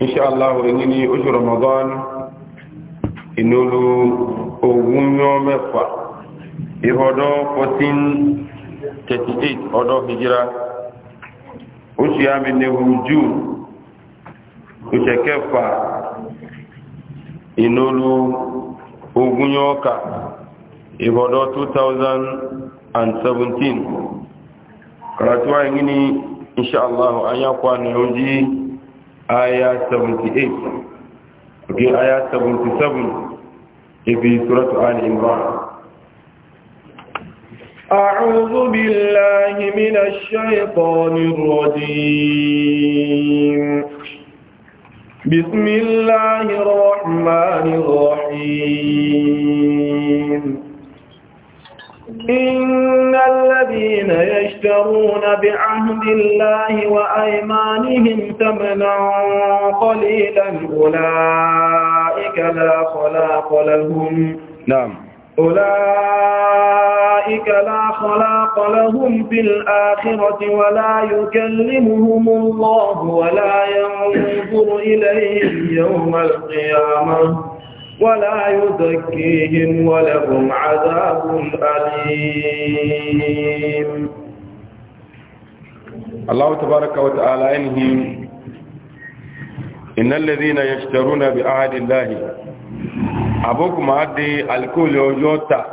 inshallah ẹni ní oṣù ramadan ìnolu ogun yọ mẹ́fà ìhọdọ́ 1438 ọdọ́ hijira oṣù ya mi nehu june oṣù kẹfà ìnolu ogun yọ ọkà ìhọdọ́ 2017 karatuwa ẹni ní inshallah anyakwa ni ojí aya 78 okay aya 77 في سورة آل عمران أعوذ بالله من الشيطان الرجيم بسم الله الرحمن الرحيم إن الذين يشترون بعهد الله وأيمانهم ثمنا قليلا أولئك لا خلاق لهم نعم أولئك لا خلاق لهم في الآخرة ولا يكلمهم الله ولا ينظر إليهم يوم القيامة ولا يزكيهم ولهم عذاب أليم الله تبارك وتعالى إنهم إن الذين يشترون بعهد الله أبوكم عدي الكل يوتا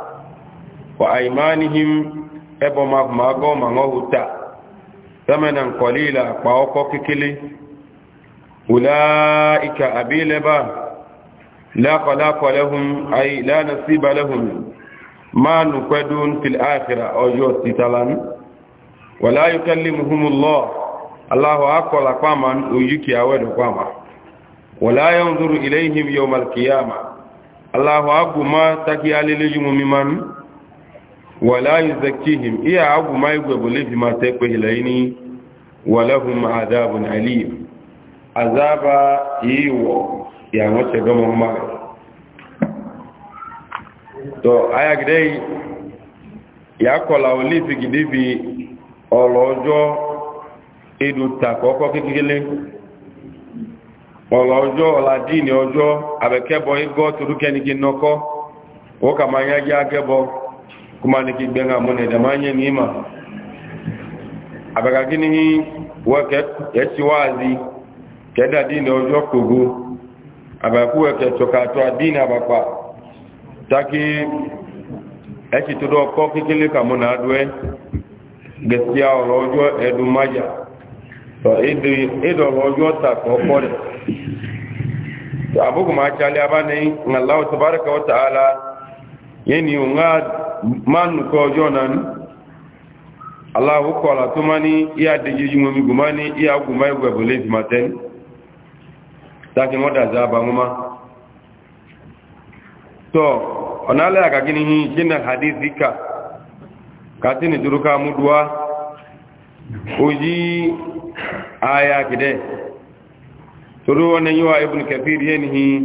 وأيمانهم أبوكم أقوم أغوتا ثمنا قليلا فأوقف كلي أولئك أبي لباه لا خلاق لهم أي لا نصيب لهم ما نقدون في الآخرة أو جوت تلان ولا يكلمهم الله الله أقول قاما ويجيكي أول قاما ولا ينظر إليهم يوم القيامة الله أبو ما تكي أليلهم ممن ولا يزكيهم إيا أبو ما يقبل لي فيما تكوه ليني ولهم عذاب أليم عذاب إيوه ìyàwó tẹ̀dọ́ mọ́ mọ́ rẹ̀ tó ayagidẹ́ ìyàkọ̀lá olífi gidi bi ọ̀rọ̀ ọjọ́ edu takọ́kọ́ kékeré ọ̀rọ̀ ọjọ́ ọ̀làdíìní ọjọ́ abẹ̀kẹ́bọ igọ́ torúkẹ́nigi nọkọ́ wọ́n kà máa yájá akẹ́bọ kumaniki gbẹ̀ngà múnẹ̀ dàmá yẹ ní ìmà abẹ̀kàkí ní wọ́n kẹ́ ẹ̀ṣíwáàzí kẹ́dàdíìní ọjọ́ kògó abakuwa ke tokato adini abakwa taki eki todo ko kikile kamuna adwe gaskiya rojo edu maja to edu edu rojo ta ko kore to abugo ma chali abane Allah tabaaraka wa ta'ala yeni unga manu ko jonan Allah ko la tumani iya de yijumumi gumani iya gumai gwe bolis maten taki moda za ba nguma to onale aka gini hi jina hadithi ka katini duruka mudwa uji aya kide turu wannan yiwa ibn kafir yanhi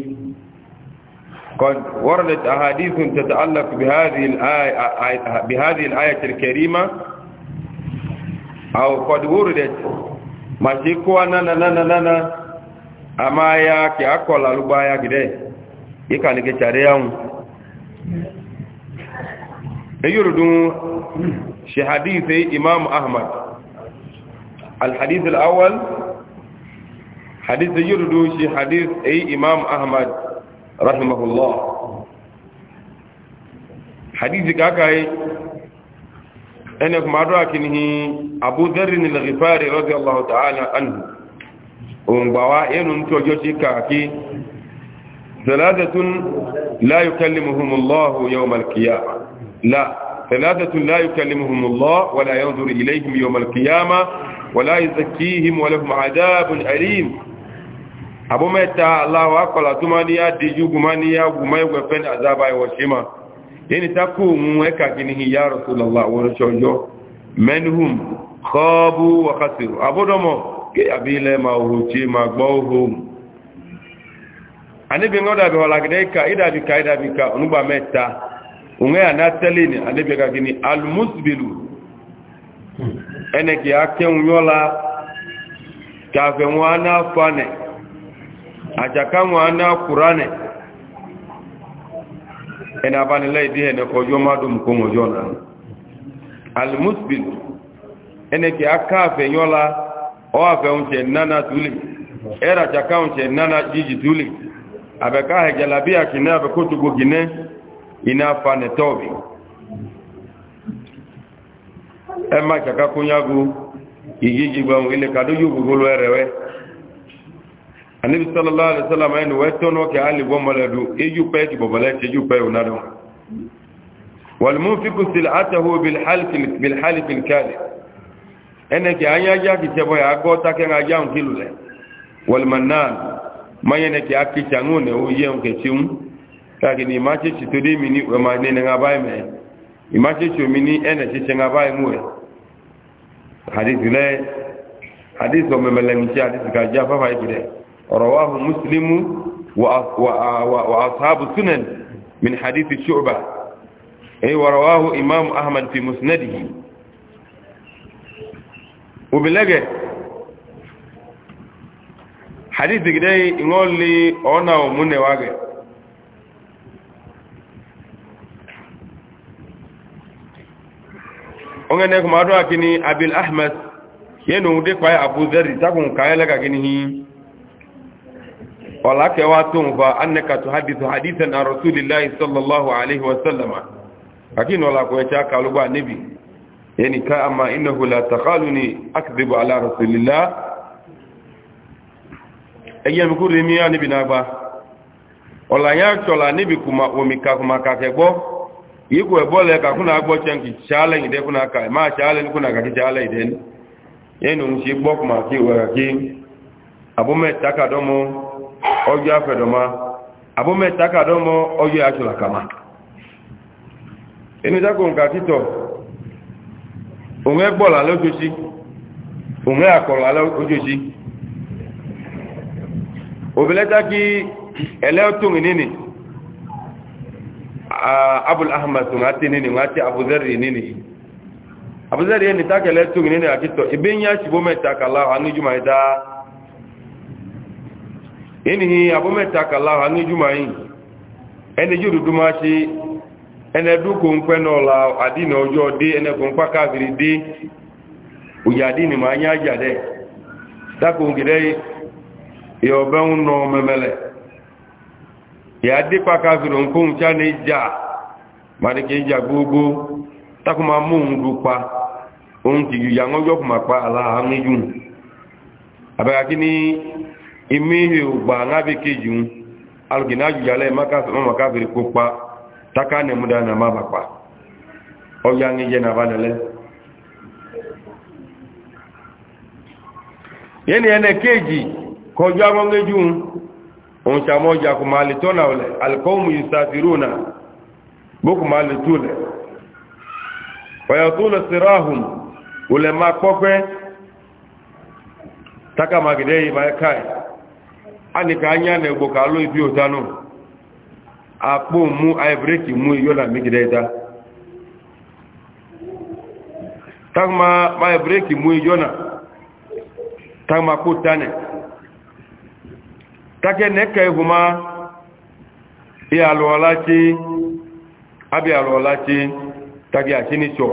قد وردت أحاديث تتعلق بهذه الآية, بهذه الآية الكريمة أو قد وردت ما شكوا نانا نانا نانا ama ya ki akola lugba ya gide ika ni ke chare yaun ayurdun e shi hadithi e imam ahmad al hadith al awwal hadith e yurdu shi hadith ay imam ahmad rahimahullah hadithi kakai ene kuma adwa kinihi abu dharr al-ghifari radiyallahu ta'ala anhu òǹgbàwá ẹnu tí ọjọ́ sí kàkí tẹ̀ládẹ̀tún láyùkẹ́lẹ̀mùhùmùlọ́hù yọmọlkìyàmá la tẹ̀ládẹ̀tún láyùkẹ́lẹ̀mùhùmùlọ́ wàlá yọ́n zuri iléhìm yọmọlkìyàmá wàlá ìzàkíhìm wàlẹ́hùm àdábùn àríìm abúmẹ́ta aláwọ̀ akọ̀lá tó máa ní yá díjú gùnmá ní yá gùnmá yẹni takò òun ẹ̀ka kìíní yá rọ̀sùlọ́lá àwọn ọ̀rọ̀ṣọ́jọ́ mẹ́nuhùm kọ́ọ̀bù wàkàtìrù abúdọ́mọ̀ àbí ilẹ̀ ma òhù tí ma gbọ́ òhù anibi ń dàbí ọ̀làgídẹ́ ìka ìdàbí ka ìdàbí ka onúgbà mẹ́ta òun ẹ̀ àná tẹ́lẹ̀ ní anibi kàkí ni almusbilu ẹnẹ̀kì akẹ́hùn yọ́la kàfẹ́ wọn aná fanẹ̀ àjàká wọn aná kúránẹ̀ ẹni abánilẹ́ ìdí ẹ̀nẹ́kọ̀ ọjọ́ má dùn kó mọ̀jọ́ náà almusbilu ẹnẹ̀kì akáfẹ́ owafe unche nana tuli era chaka unche nana jiji tuli abeka hejalabia kine abekutu gugine inafa netobi ema chaka kunyagu igigi gbamu ile kadu yugu gulu erewe anibi sallallahu alaihi wasallam enu wetono ke ali bomaledu ijupe kibobale ijupe unado والمنفق سلعته بالحلف eneke anya ja kitebo ya agota ke na ja nkilule wal mannan mayene ke akicha ngune uye unke chim kage ni mache chitudi mini we manene ngabai me imache chomini ene chiche ngabai ngwe hadithi le hadithi wamemelengisha so hadithi kaja fafa ikide rawahu muslimu wa, wa, wa, ashabu sunan min hadithi shu'ba ay wa rawahu imam ahmad obilege hadith gidai ingoli ona omune wage ongene kuma do akini abil ahmad yenu de kwa abu zarri takun kayela ka kini hi wala ke wa tun fa annaka tuhadithu hadithan an rasulillahi sallallahu alaihi wasallama akini wala ko ya ka lugwa nabi يعني كأما إنه لا تخالني أكذب على رسول الله أيام يقول لي يعني ya ولا يعطل نبيكما ومكاكما كاكبو yiku ebole ka kuna gbọ chenki chale ide kuna ka ma chale kuna ka chale ide yenu nsi gbo kuma ki ki ojo afedoma ojo kama eni òun ẹgbọ́ lálẹ́ ojóṣí òun àkọ̀rọ̀ lálẹ́ ojóṣí òbílẹ́ta kí ẹlẹ́ọ̀tún nínú abul ahmad tún àti nínú àti abuzari nínú abuzari ẹni tákẹ̀lẹ́ tún nínú àkítọ̀ ibi ń yá ṣìbó mẹ́ta kàláwà ní jùmọ̀ ìdá ẹni abúmẹ́ta kàláwà ní ẹni jù dúdú máa ṣe enedukonkwe n'ụlọ adịna ọjọọ dị enekonkwa kabiri dị ụyadini ma anya jade takongide yọbenwụ nọ memele ya dịkwa kabiri nkwụncha na ija madịka ija gbogbo ma mụ ndukwa onkigi ya ṅụjọ kuma kpa ala ha n'iju abịaghị ni ime ihe taka ne muda na ma bakwa o ya ngi je na balele yeni ene keji ko jo mo ngeju on cha mo ja ko ole al yusafiruna boku mali tule wa yatula sirahum ulama kokwe taka magidei ba kai ani ka anya biotano. akpọ mụ aịbreki mụ yola megide ta tagma aịbreki mụ yona tagma kpọ tane take ne ka ihu ma iya alụọla chi abịa alụọla chi tagi achi ni chọọ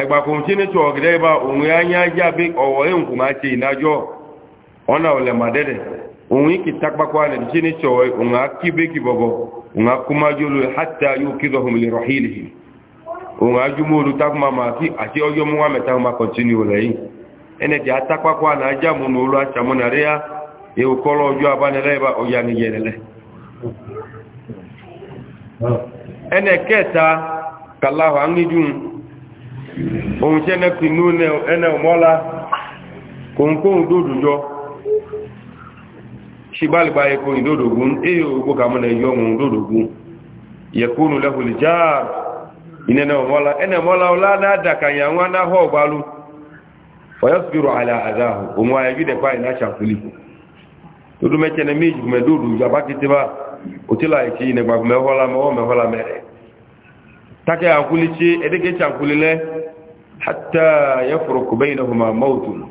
ẹgbàkùn chi ni chọọ gidẹ ba òun ya anya ya bi ọwọ ehunkun ma chi ìnájọ ọ na ọlẹmàdẹdẹ onwe iki takpakwa na chini chowe unga kibe kibobo unga kumajulu hatta yukidhahum li rahilihim unga jumulu takma maki ati ojo meta ma continue lai ene ti atakpakwa na aja munu ulu acha rea ukolo ojo abane reba ene keta kallahu na kinune ene shibali ba yeko indodogun eyo ugo kamana yo mu indodogun yakunu lahu aljar inena wala ena wala wala na daka ya na ho balu fa yasbiru ala adahu umwa yide kwa ina shafuli tudu meche na miji kumedudu yabaki tiba utila ichi ne kwa kumehola mo mehola mere take akulichi edege chankulile hatta yafruku bainahuma mautun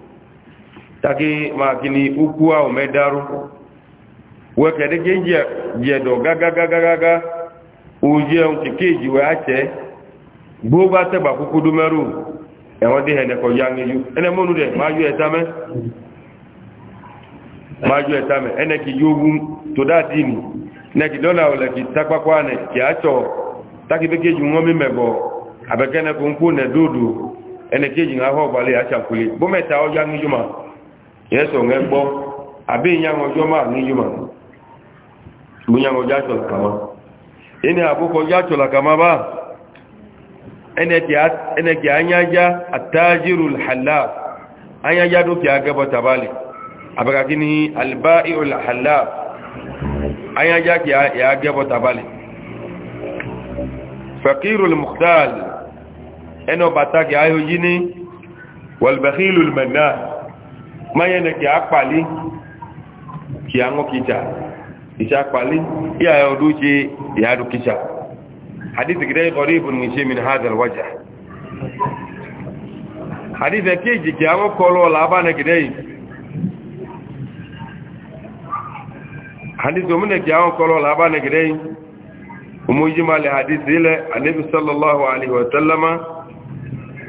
ma kini ukua umedaru wekede ke jedo gagagagagaga ujeun kikeji we ache gbo ba te gba kuku du meru ewon de hene ko yang yu ene monu de ma yu etame ma yu etame ene ki yogun to that in ne ki dola ole ki takpa kwane ki acho taki be keji ngomi mebo abekene ko nku ne dudu ene keji nga ho bale acha kule bo meta o yang yeso ngegbo abi nya ni yu ṣùgbọ́n ọjọ́ àjọ làkàmá ẹni àkókò ọjọ́ àjọ làkàmá bá ẹnẹ̀kì anyájá àtàjírù hàlá anyájá dókè agẹ́bọ̀ tàbálì àbẹ̀kàkí ní albá ìrùl hàlá anyájá kì í agẹ́bọ̀ tàbálì fẹ̀kírùl mùkútàl ẹnà bàtàkì ayójí ní wàlbẹ̀kírùl mẹ́nà máyẹnẹ̀kì àpàlí kì í àwọn kìí isha kwali iya ya duce ya dukisha hadith gidai qaribun min shay min hadha alwajh hadith keji ki awo kolo labana gidai hadith mun ki awo kolo labana gidai umujima li hadith ile annabi sallallahu alaihi wa sallama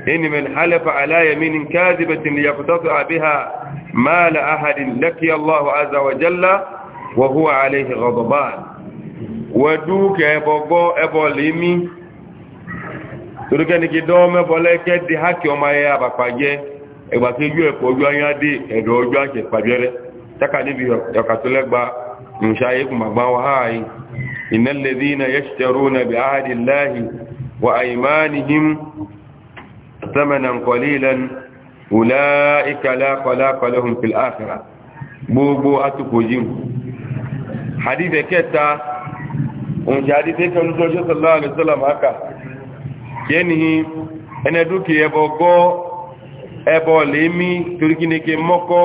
in man halafa ala yaminin kadhibatin liyaqtata biha mal ahadin laqiya وهو عليه غضبان ودوك ابوغو ابوليمي turukẹni kí dọ́ọ̀mẹ́ bọ́lẹ́kẹ́ di hákì ọmọ ayé àbàpàjẹ́ ẹgbà tí ojú ẹ̀kọ́ ojú ayé dé ẹ̀dọ̀ ojú àṣẹ pàjẹ́rẹ́ tákà níbi ọ̀kàtọ́lẹ́gba kọlá kọlẹ́hùn fìlà àkàrà gbogbo atukọ̀ yìí hadithi kẹta òun ṣe hadithi kẹta lójú ọjọ́ sallallahu alaihi wasallam aka yẹni ẹni dúkì ẹbọ gọ́ ẹbọ lèémí torí kíneke mọ́kọ́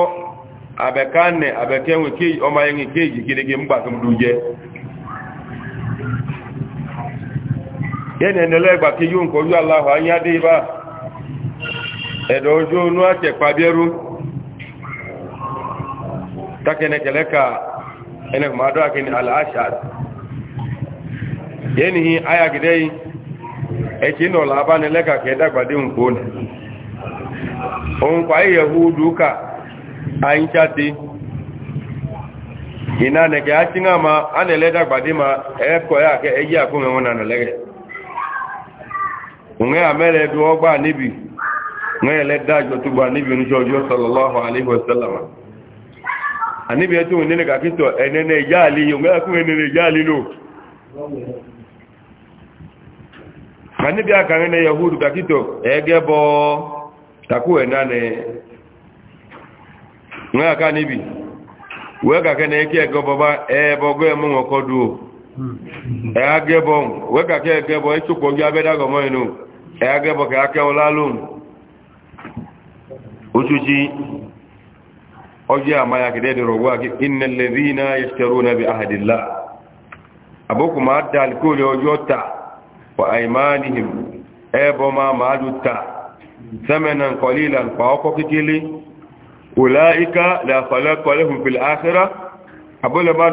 abẹ́kánẹ̀ abẹ́kẹ́wìn kéjì ọmọ ẹ̀yìn kéjì kíneke mú gbàtún ló jẹ́ yẹni ẹni lẹ́gbà kí yóò aláhọ̀ anyádé bá ẹ̀dọ̀ ojú onú àtẹ̀pàbẹ́rú tákẹ́nẹ̀kẹ̀lẹ́ka ene ma do akini al ashad yeni hi aya gidei e ti no la ba ne le ka ke dagba de un ko ne on pa yehudu ka ayin chati ina ne ga ti nga ma ane le dagba de ma e ko ya ke e ya ko me wona no le unge amele du ogba nibi unge le dajo tugba nibi ni jojo sallallahu alaihi wasallam àníbi ẹjọ́ òun nílẹ̀ kàkítọ̀ ẹ̀nẹ́nẹ́ ìyá àlè ògbẹ́kùn ẹ̀nẹ́nẹ́ ìyá àlè lò àníbi àkàrẹ́nẹ́ yahudu kàkítọ̀ ẹgẹ́ bọ́ takú ẹ̀nánẹ́ wọ́n àká níbi wẹ́kàkẹ́nẹ́ ẹkẹ́ ẹgẹ́ bọ́bá ẹbọgọ́ ẹmú wọn kọ́dù ẹ̀ẹ́gẹ́bọ̀ wẹ́kàkẹ́ ẹgẹ́bọ̀ ẹ̀ṣùpọ̀jú abẹ́dàgọ̀mọ́ inú ẹ̀ẹ́gẹ́bọ̀ kẹ́ ọjọ́ àmà ya kìdẹ́ dẹ̀rọ wá kí iná lèrí iná yẹ̀ṣẹ̀rọ náà bí ahàdìlá àbókù máa dá alkóòlì ọjọ́ ta wà àìmánihìm ẹbọ máa máa lù ta sẹ́mẹ̀nà kọlílà pa ọkọ̀ kékeré wùláìká làfàlẹ́kọlẹ́hùn fìlà áṣírá àbólẹ̀ bá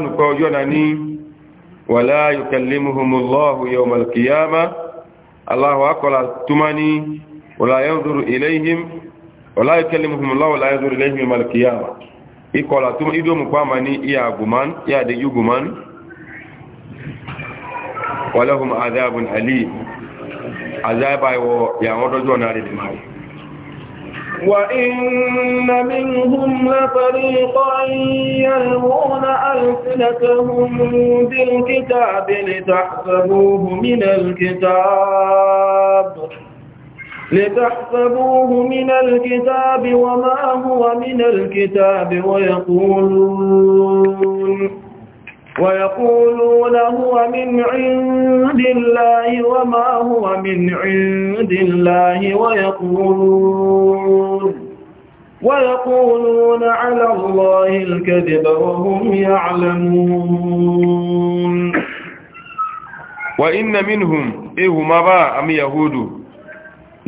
wala yukallimuhum Allah wala yanzuru ilayhim yawm al-qiyamah ikola tuma ido mu kwama ni iya guman iya da yuguman walahum adhabun alim azaba wo ya wodo jona de mai wa inna minhum la fariqan yalwuna alsinatahum bil kitabi litahsabuhu min al لتحسبوه من الكتاب وما هو من الكتاب ويقولون ويقولون هو من عند الله وما هو من عند الله ويقولون ويقولون على الله الكذب وهم يعلمون وإن منهم إيه ما أم يهود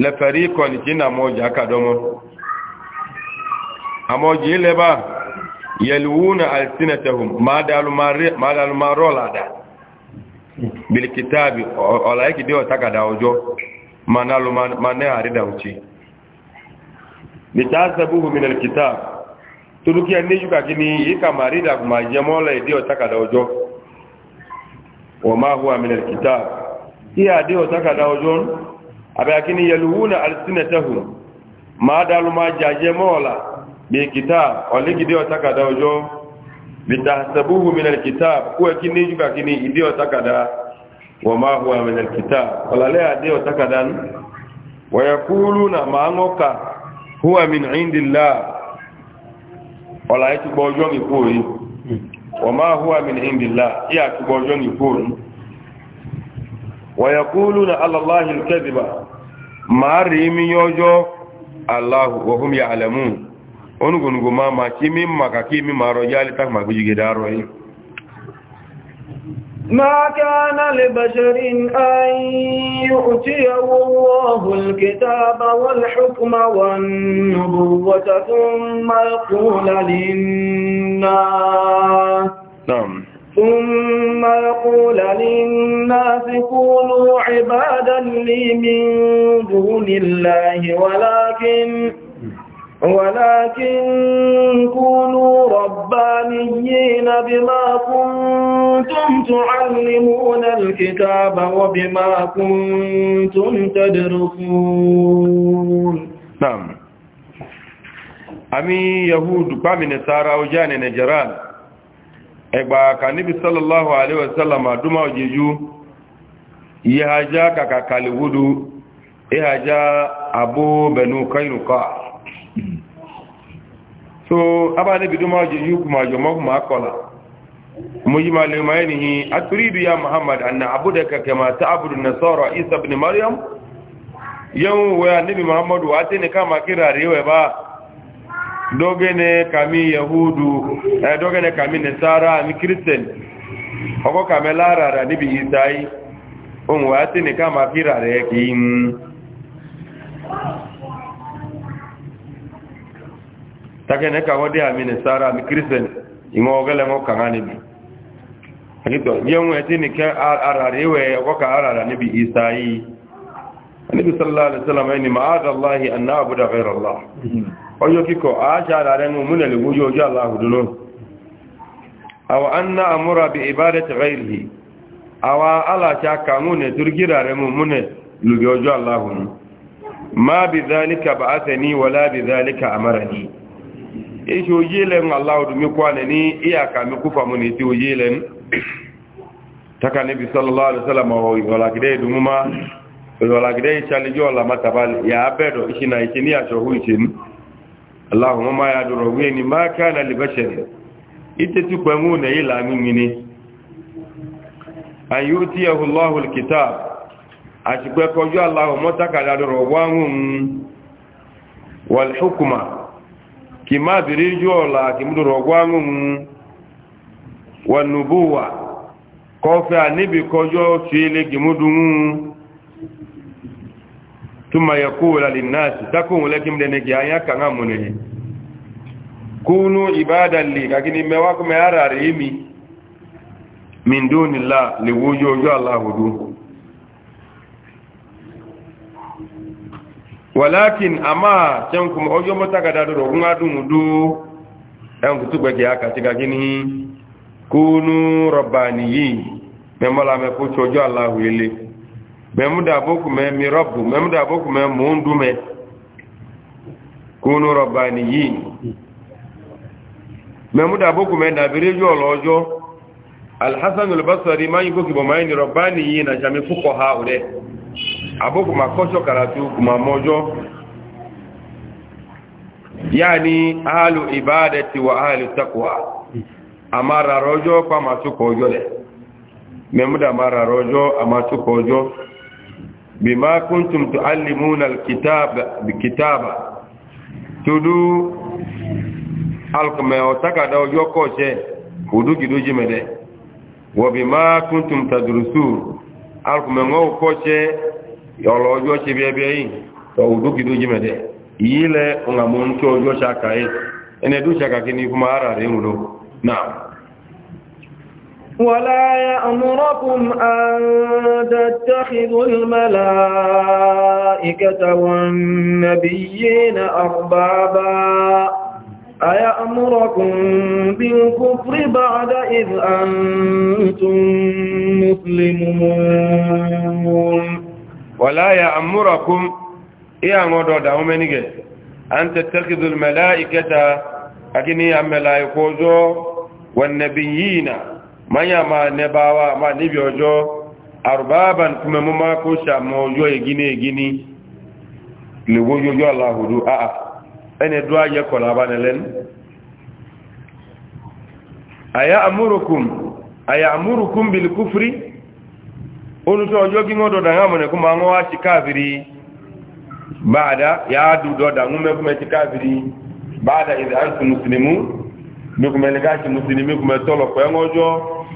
lẹ́fẹ̀rí kọ̀lì jí na mọ́ jà kàdọ́mọ́ àmọ́ jí lẹ́bà yẹ̀lúwúnà àìsínẹ̀tẹ̀hùn máa dàlú máa rọ́ làdá bilikitaabi ọ̀làíkìdí ọ̀tàkàdà ọjọ́ máa náà àrídà òchí bìtà sẹ́bùhù mìnàlìkìtà torúkí ẹni yúkà kí ni ìkà máa rídà máa jẹ mọ́lẹ̀ ìdí ọ̀tàkàdà abakini yaluuna alsinatahum ma daluma jaje mola bi kitab oligidi otakada ojo litahsabuhu min alkitab kuwa kini juga kini idio takada ma huwa min alkitab olalea adio takadan ma maangoka huwa min indillah olaitubojongi kuri wama huwa min indillah iya tubojongi kuri ويقولون على الله الكذب ما ريمي يوجو الله وهم يعلمون onugungu ma ma kimi ma ka kimi ma roja li tak ma gujige daro yi ما كان لبشر أن يؤتيه الله الكتاب والحكم والنبوة ثم يقول للناس نعم ثم يقول للناس كونوا عبادا لي من دون الله ولكن ولكن كونوا ربانيين بما كنتم تعلمون الكتاب وبما كنتم تدرسون نعم أمي يهود قام نسارا وجان نجران ẹgbà kanibi sallallahu alaihi wasallam adúmọ̀ òjèjú ìyájá kàkà kàlìwúdú ìyájá abó bẹ̀nu kainuka so abá níbi dúmọ̀ òjèjú kùmọ̀ àjọmọ́kùnmọ̀ akọ̀lá mú yí máa lè máa ya muhammad anna abúdẹ kàkẹ́ máa ta abúdù na isa bin mariam yẹn wẹ́ níbi muhammadu wá tẹ́ ní ká máa kíra rí dogene kami yahudu eh, dogene kami nasara mi christian oko kame larara níbi isai ohun wa ti nìkan ma fi rà rẹ̀ kì í mú takene kawo dé àmì nasara mi christian ìwọ̀n ọgẹ́lẹ̀ wọn kàn án níbi àgìtọ̀ yẹ́wọ̀n ẹ̀tí nìkan ara rẹ̀ wẹ̀ ọkọ̀ ka ara níbi isai níbi sallallahu alaihi wasallam ẹni ma'adallahi anna abu da ghairar allah mhm ọjọ́ kíkọ̀ àájára rẹ̀ mú múnẹ̀ lè wójú ọjọ́ aláhùdúnú àwọn anna àmúra bí ìbádẹ́ tẹ̀rẹ̀rì àwọn aláṣà kàmúnẹ̀ turgira rẹ̀ mú múnẹ̀ lùgbẹ̀ ọjọ́ aláhùdún ma bí zálika bá á tẹ̀ taka níbi sallallahu alaihi wasallam ọ̀làgídẹ́ ìdúnmọ́ ọ̀làgídẹ́ ìṣàlẹ́jọ́ ọ̀làmátàbálẹ̀ yà á bẹ̀rọ̀ ìṣìnà ìṣẹ́ ní àṣọ Allahumma ma ya doro we ni ma kana li bashar ite tu kwangu na ila mingine ayutiyahu Allahu alkitab achikwe kojo Allahu motaka ya doro wangu wal hukma kima birijo la kimdoro wangu wan ثم يقول للناس تكون لكم دنيا يا كان منه كونوا عبادا لي لكن ما واكم يراريمي من دون الله لوجوج الله دون walakin amma can kuma ojo mata ga dadu rogun adun mudu ɗan kutu gbage aka ci gagini kunu rabbaniyi mai mala ojo allahu ile بمدى بكم من ربكم بمدى بكم من موندم كونوا ربانيين بمدى بكم من نبريجو الوجو الحسن البصري ما يبكي بمين ربانيين جميع فقهاء له أبوكم أكوشو كراتوكم موجو يعني أهل عبادة وأهل تقوى أمار رجو فما تقوى جوله ممدى أمار رجو أما تقوى جوله بما كنتم تعلمون الكتاب بكتابة تدو القم وتكاد يوكوش ودو جدو جمد وبما كنتم تدرسون القم وكوش يولو جوش بيبيعين ودو جدو جمد يلا ونغمون كو جوش أكاين ene du shaka kini kuma arare ngulo na'am ولا يأمركم أن تتخذوا الملائكة والنبيين أربابا أيأمركم بالكفر بعد إذ أنتم مسلمون ولا يأمركم إيه أمر دعوه منك أن تتخذوا الملائكة أكني الملائكة والنبيين manya ma nebawa ma níbi ọjọ́ arbaban kuma mú máa kó ṣàmọ́ ọjọ́ ìgíní ìgíní lèwó a aláhùrú àà ẹni dúá yẹ kọ̀lá abánilẹ́nu àyà amúrùkùn àyà amúrùkùn bìlì kúfúrí olùtọ́ ọjọ́ kí wọ́n dọ̀dà hàn mọ̀nà kó máa wọ́n wá sí káàfìrí báadá yàá dù dọ̀dà ń mẹ́kúnmẹ́ sí káàfìrí báadá ìdá àǹtí mùsùlùmí mẹ́kúnmẹ́ ní káàkiri mùsùlùmí kúnmẹ́ tọ́lọ̀ pẹ́ ń ọjọ́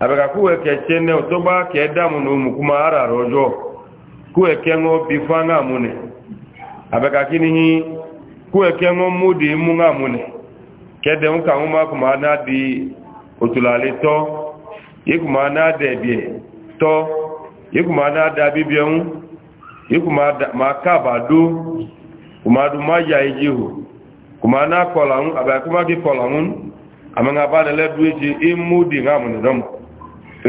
abega kuwe keche ne otoba ke damu no mukuma ara rojo kuwe kengo bifanga mune abega kini hi kuwe kengo mudi munga mune kede unka uma kuma na di otulale to yikuma na de bie to yikuma na da bibie un yikuma da makaba du ma ya maja ejihu kuma na kola un abega kuma ki kola un amanga ba le dueji imudi ngamu ne domo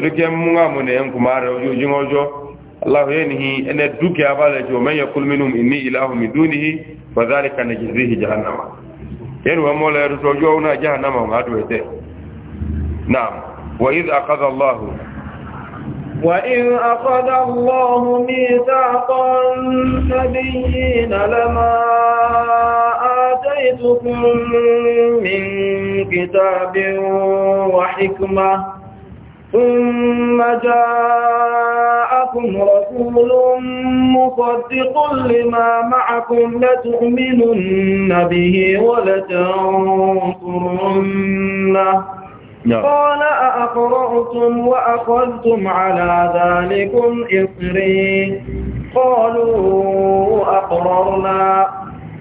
turke munga mune en kumare ojo jingojo allah yenihi ene duke abale jo man yakul minhum inni ilahu min dunihi fa dhalika najzihi jahannama yeru amole to jo una jahannama ngadu ete naam wa idh aqadha allah وإذ أخذ الله ميثاق النبيين لما آتيتكم من كتاب وحكمة ثم جاءكم رسول مصدق لما معكم لتؤمنن به ولتنصرنه نعم. قال أأقرأتم وأخذتم على ذلكم إصري قالوا أقررنا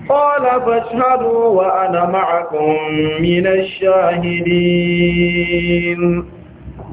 قال فاشهدوا وأنا معكم من الشاهدين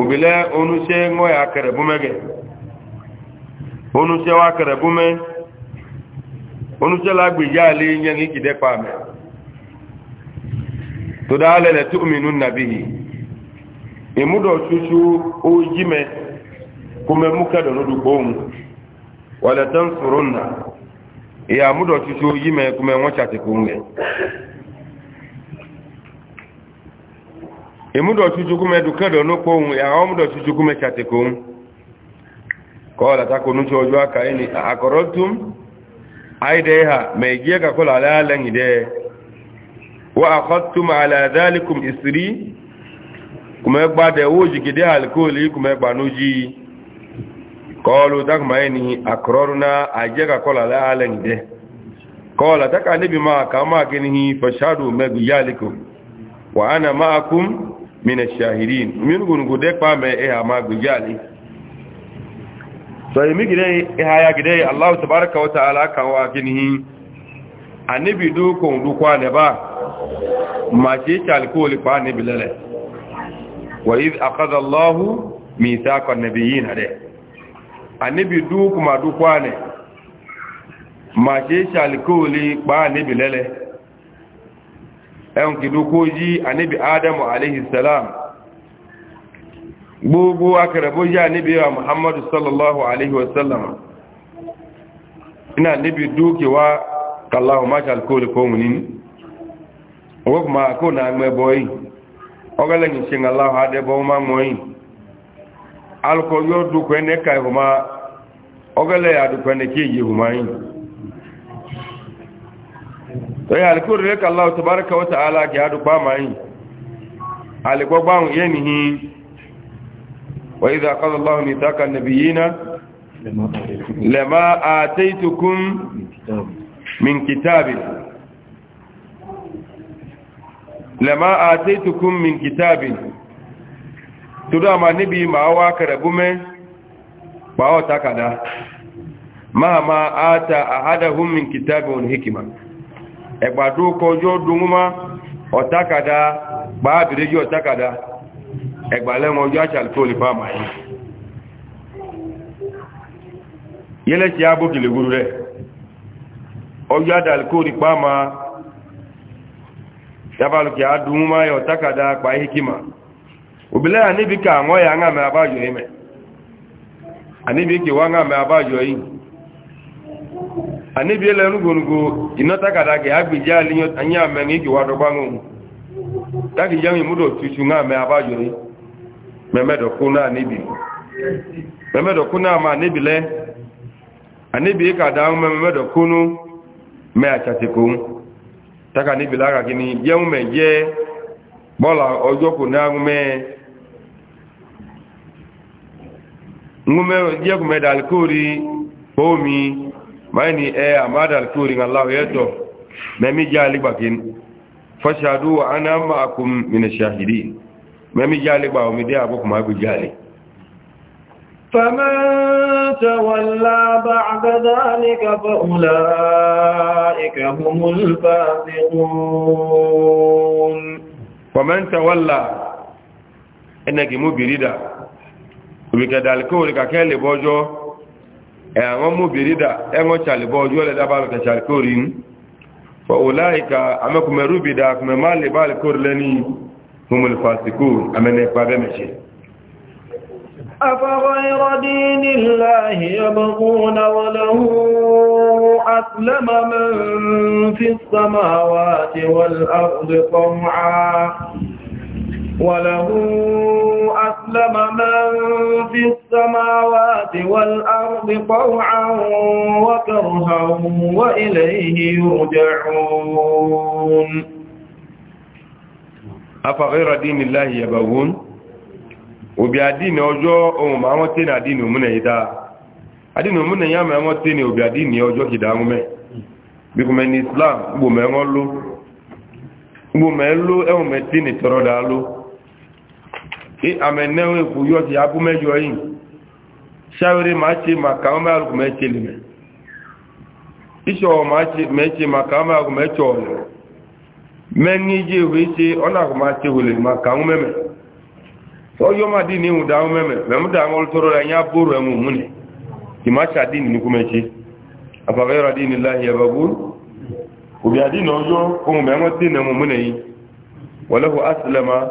obile onuse ŋo ya kere bume ge onuse wa kere bume onuse la ya le nye ni kide pa ame to da le le tu'minu nabihi imudo susu o me kume muka do nudu bomu wala tansurunna ya mudo susu o jime kume ngocha te kunge imudo chuchukume dukedo nukpohun yaha omudo chuchukume chatekun kola takonu chojo aka ini akorotum aideha maigiye ka kola alalan ide wa akhadtum ala dhalikum isri kuma gba de woji gide alkoli kuma gba nuji kọlu takuma ini akororuna aje ka kola alalan ide kola taka nibi mina shahirin min gungu de pa me e ha ma gujali so yimi gide e ha ya gide Allah tabaaraka wa ta'ala ka wa kinhi anibi du ko du kwa ne ba ma ci tal ko li pa ne bilale wa id akhadha Allah mithaqa an-nabiyyin anibi du kuma du kwa ne ma ci tal ko li pa ne bilale ẹun kìdókójí anibi adamu aleyhisselam gbogbo akẹrẹbójí anibi wa muhammadu sallallahu aleyhi wasallam ina nibi dókèwá kallahu maṣe alkóòlù kóhun ní ọgbọ́ kó na mẹ́bọ̀ ọgọ́lẹ́yìn ṣe aláwọ̀ adẹ́bọ̀ ma to ya alkur rek Allah tabaaraka wa ta'ala ki adu ba mai aliko ba un yenihi wa idha qala Allah mithaqa an-nabiyina lama ataytukum min kitabin lama ataytukum min kitabin to da ma nabi ma ata ahadahum min kitabin hikma ẹgbàdó kọjọ́ dúnmọ́ ọ̀tákàdá gbáàbìrẹ́jì ọ̀tákàdá ẹgbàlẹ́mọ ọjọ́ àṣàlùtò lè fà máa yìí yẹ́lẹ̀ tí a bó kìlè gúrú rẹ̀ ọjọ́ àdàlùkò ní pa máa yabalùkì àdúnmọ́ ọ̀tákàdá pàáhíkìmà òbílẹ̀ àníbìkà àwọn ẹ̀yà ń àmì àbájọ yìí mẹ́ àníbìkì wọ́n ń anibi ele nugonugo inata kada ke agbije aliyo anya me ngi wa dogba taki jami mudo tutu nga me abajuri memedo kuna anibi memedo kuna ma anibi le anibi kada me memedo kunu me achatiku taka anibi la kini yeu me je bola ojo kuna ngume ngume je kumedal kuri omi maini e eh, amada alkuri Allah yeto memi jali bakin fashadu wa ana ma'akum min ash-shahidin memi jali ba mi dia boku ma jali faman tawalla ba'da dhalika fa ulaika humul fasiqun faman tawalla inaki mubirida ubikadalika ulikakele bojo ẹ̀wọ́n mọ́bìnrin dà ẹ̀wọ́n ṣàlìbọ́ ojú ọ̀lẹ́dà bá lọ́kẹ̀ ṣàlìkórí ń fọ́ òláìka amẹ́kùnmẹ́rúbì dà kùnmẹ́ má lè bá lẹ́kórí lẹ́ni mọ́mọ́lẹ́fàṣíkò amẹ́nẹ́pàá bẹ́mẹ̀ṣẹ́ أفغير دين الله يبغون وله أسلم من في السماوات والأرض طمعا وله أسلم من في السماوات والأرض طوعا وكرها وإليه يُرْجَعُونَ أفغير دين اللَّهِ يبغون وبيادين أجو أم أمتين أدين من إذا أدين من يام أمتين وبيادين أجو كده أمي بكم إن إسلام بمعنى له بمعنى له أمتين ترى له ki amenewe kuyoti hapo mejo hii shauri machi makama ya kumechilime isho machi mechi makama ya kumechole menije wichi ona kumachi wile makamu a so yo madini udamu meme da ngol toro la buru emu mune kimacha dini ni kumechi apa ghaira dini llahi yabghun ubiadini ojo kumu memotine mu mune yi walahu aslama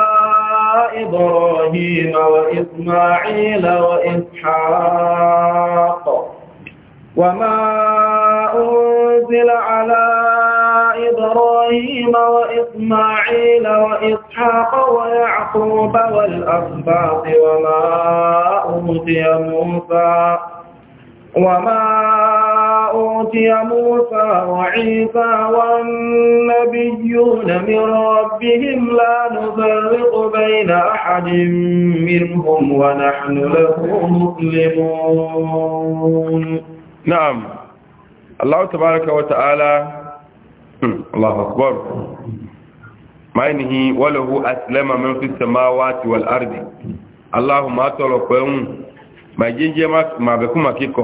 وإبراهيم وإسماعيل وإسحاق وما أنزل على إبراهيم وإسماعيل وإسحاق ويعقوب والأسباط وما أوتي موسى وما أوتي موسى وعيسى والنبيون من ربهم لا نفرق بين أحد منهم ونحن له مسلمون نعم الله تبارك وتعالى الله أكبر ما إنه وله أسلم من في السماوات والأرض اللهم أتلقهم ما جنجي ما بكم كيكو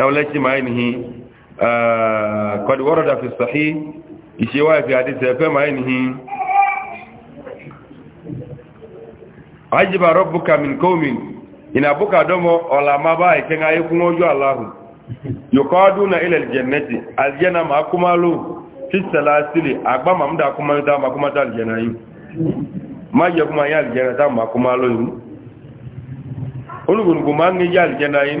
ẹwọlẹ́tí máa ní kọdíwọ́rọ̀dà fi sàhí ìṣẹ́wà ìfẹ́ àdíṣẹ́ ẹ̀fẹ́ máa ní ajiba rọ́bùkà min kómin ìnàbùkà dọ́mọ ọ̀làmà bá ìkẹ́ngà ayékún ọjọ́ aláhù yòkọ́dún na ilẹ̀ jẹ̀nẹ́tì aljẹ́nà máa kúmá ló fi sẹ̀lá sílẹ̀ àgbà màmúdà kúmá ní táwọn kúmá tá aljẹ́nà yìí má jẹ́ kúmá yá aljẹ́nà táwọn kúmá ló yìí máa ń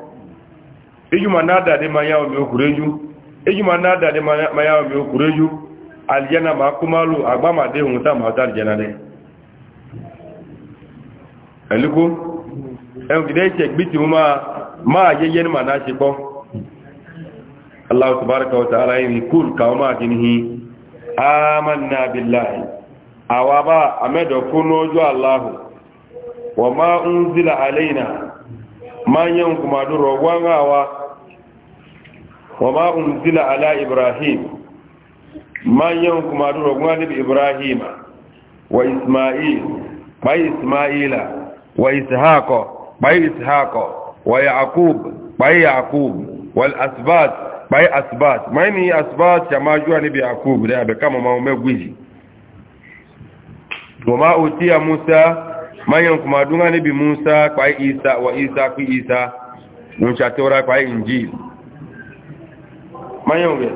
ejuma na adade manya omi okwuru eju ejuma na adade omi okwuru eju aljana ma akumalu agba ma de hunta ma ta aljana de eliko ẹn kìdẹ́ ìṣẹ́ gbìtì mú máa yẹ́yẹ́ ní màá ara yìí kúl káwọn máa kì níhi amanna billahi àwa bá amẹ́dọ̀ fún ojú wa ma máa ń zila alaina manyan kuma dúró wama unzila ala ibrahim manyan kuma duro gwanin ibrahima wa isma'il bai isma'ila wa ishaqo bai ishaqo wa yaqub bai yaqub wal asbat bai asbat mani asbat kama juwa ni bi yaqub da be kama ma me gwiji wama utiya musa manyan kuma dunga ni bi musa bai isa wa isa ku isa mun cha tora bai injil mayonge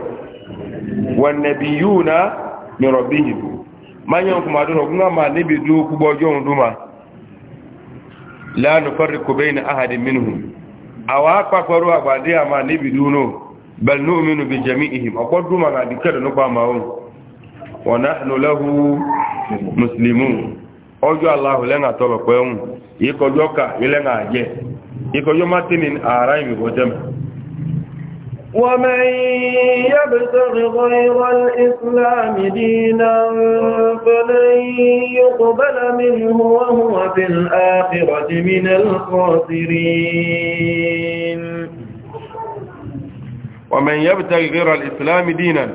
wannabi yuna min rabbihim mayon kuma dun kuma ma nabi du ku bojo duma la nufarriqu bayna ahadin minhum awa pa koru agbade ama nabi duno bal nu'minu bi jami'ihim akodu ma ga dikada no pa ma o wa nahnu lahu muslimun ojo allah lena tolo pe un ikojo ka ile na je ikojo matinin ara mi bojem ومن يبتغ غير الإسلام دينا فلن يقبل منه وهو في الآخرة من الخاسرين ومن يبتغ غير الإسلام دينا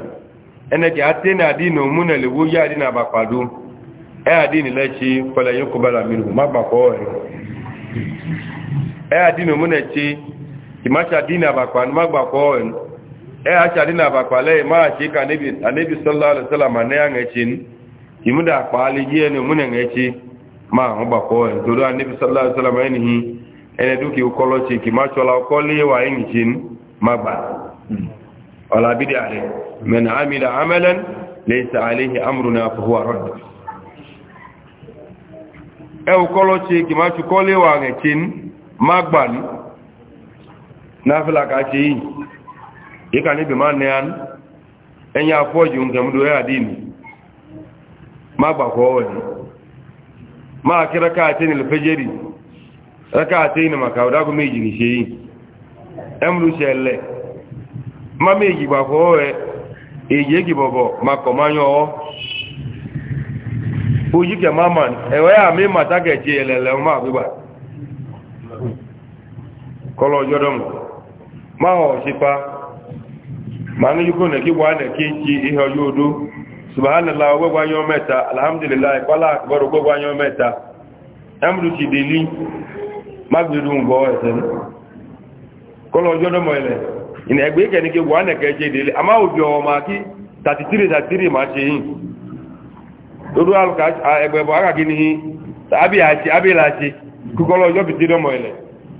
أنك أتنا دين من الوجه دين بقادو أدين لشي فلن يقبل منه ما بقوه أدين من الشيء ìmáṣà dínà àbàpà ní mágbàpọ̀ ọ̀n ẹ àṣà dínà àbàpà lẹ́yìn máa ṣe ká ànẹ́bì sọ́lọ́lọ́sọ́lọ́mà ní àǹẹ̀ṣe ní ìmúdà àpá alẹ́ yí ẹni òmúnà ẹ̀ṣe máa hàn gbàpọ̀ ọ̀n torí ànẹ́bì sọ́lọ́lọ́sọ́lọ́mà ẹni hì ẹni dúkìá ọkọ lọ́ṣe kì máa ṣọlá ọkọ léwà ẹ̀yìn ṣe ní mágbà ọ̀làbídì àrẹ mẹ́nà àmìlà amẹ́lẹ́n lẹ́sà àléhì amúrùnà àfọwọ́ àrọ́dọ̀ ẹ̀ ọkọ lọ́ṣe kì máa ní náfílà ká ṣe yìí yíká níbi máa ní àánú ẹ̀yìn afọ́jù nkẹ̀múdó ẹ̀ àdínì má gbàkọ́ ọ̀wẹ̀ máa kí rẹ́ká àti ní lẹ́fẹ́jẹ́rì rẹ́ká àti ní màkà ọ̀dágún méjì ní ṣe yìí ẹmúlú ṣẹlẹ̀ má méjì gbàkọ́ ọ̀wẹ̀ èyí èkì bọ̀bọ̀ má ọ́ má mà ẹ̀wẹ́ àmì màtákẹ̀ ṣe ẹ̀lẹ̀lẹ̀ ọmọ àgbégbà kọlọ̀ ọjọ́ dọ́mù ma ọ̀ṣípa ma na eke nẹ̀kí na eke ti ihe ọjọ́ odó subhanallah ọgbẹ́gbanyọ mẹ́ta alhamdulillah ìpálá àkùbọ̀rọ̀ ọgbẹ́gbanyọ mẹ́ta ẹmùdù ti dèlí magbèrú ń bọ́ ẹ̀sẹ̀ ní kọ́lọ̀ ọjọ́ dọ́mọ ilẹ̀ ìnà ọmọ kí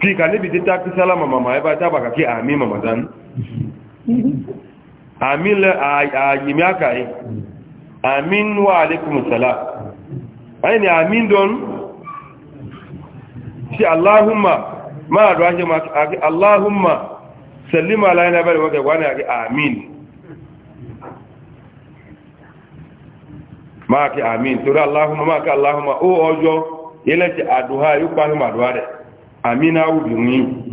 kí ka níbi tí tákí sálámà màmá ẹbá tábà kàkí àmì màmá dání àmì lẹ àyèmí àkàyè àmì ń wà alékùnmùsàlá ayé ni àmì ń dọ́nù sí aláhùnmà máa dọ́ ajé àkí aláhùnmà sẹ̀límà aláyé náà bẹ̀rẹ̀ wọ́kẹ̀ wà ní àkí àmì máa kí àmì torí aláhùnmà máa kí aláhùnmà ó ọjọ́ ilẹ̀ ti àdùhá yóò pàhùnmà àdùhá rẹ̀ amina ubi muhimu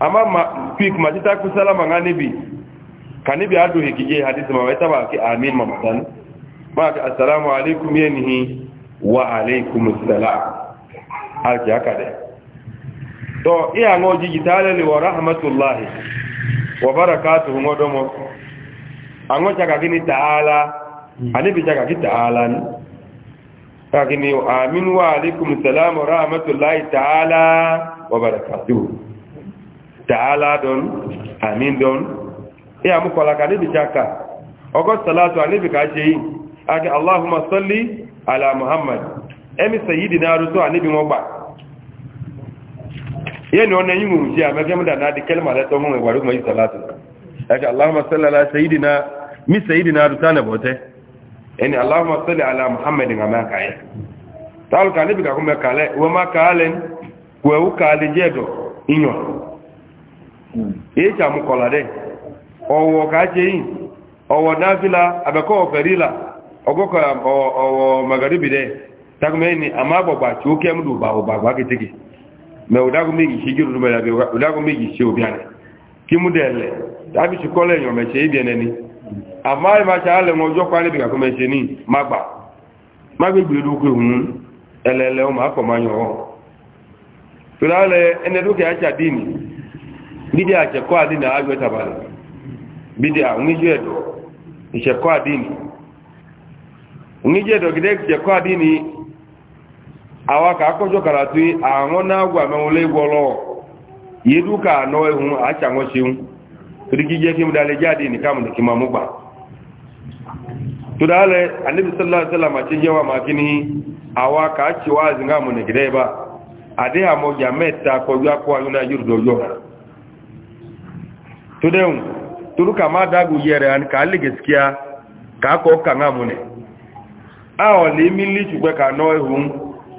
amma ma quick ma ta ku salama ga nabi ka nabi ado he kije hadisi ma wata ba ki amin ma mutan ma ka assalamu alaikum yanhi wa alaikum assalam alki haka dai to iya ngo jiji talali wa rahmatullahi wa barakatuhu ngodomo ango chaka gini taala anibi chaka gini taala ni kakini amin wa alaikum salam wa rahmatullahi taala wabarakatuhu ta'ala don amin don iya mu ka nibi chaka ogo salatu anibi ka je yi ake allahumma salli ala muhammad emi sayyidina rutu anibi mo gba yeni yin na di kelma salatu allahumma salli ala mi na bote eni allahumma salli ala ya talu ka nibi ka kuma kale ma wẹ̀wú kààlì jẹ́ẹ̀dọ̀ ìyàn èyí jàmù kọ̀lá dẹ̀ ọ̀wọ̀ kàájẹ́ yìí ọ̀wọ̀ náfílà àbẹ̀kọ́ ọ̀fẹ̀rílà ọgọ́kọ̀ ọ̀wọ̀ magaribi dẹ̀ takumẹ́ ni a máa gbọ̀gbà tí ó kẹ́mùlù bá ọba àgbà kìtìkì mẹ́ ọ̀dágun méjì ṣe jù lórí mẹ́lẹ̀ ọ̀dágun méjì ṣe òbí àná kí mú dẹ̀ lẹ̀ tàbí ṣe kọ́lẹ̀ èèyàn mẹ́ṣe ibi ẹ̀nẹ́ni àmọ́ ìmá ṣe alẹ́ wọn ọjọ́ pa níbi kàkọ́ ní má gbà má gbé gbèrú òun ẹlẹ́lẹ́ ọmọ akọ̀ máa yàn ọ́ tulaale ene duke acha dini bidi acha kwa dini agwe tabale bidi a unijwe do ishe kwa dini unijwe do gide ishe kwa dini awaka akojo na agwa yeduka no ehun acha ngo shiun turikije kim ni kamu ni kimamu ba tulaale annabi sallallahu alaihi wasallam ache makini awaka ngamu ni gide àdé àmọ́jà mẹ́ta kọjú àpò àyúnà yúrùdọ̀yọ́ tó dẹ̀hùn torúkà má dágù yẹrẹ àni kà á lè kàákọ́ a ọ̀lẹ́ mi lè ṣùgbẹ́ kà náà ehun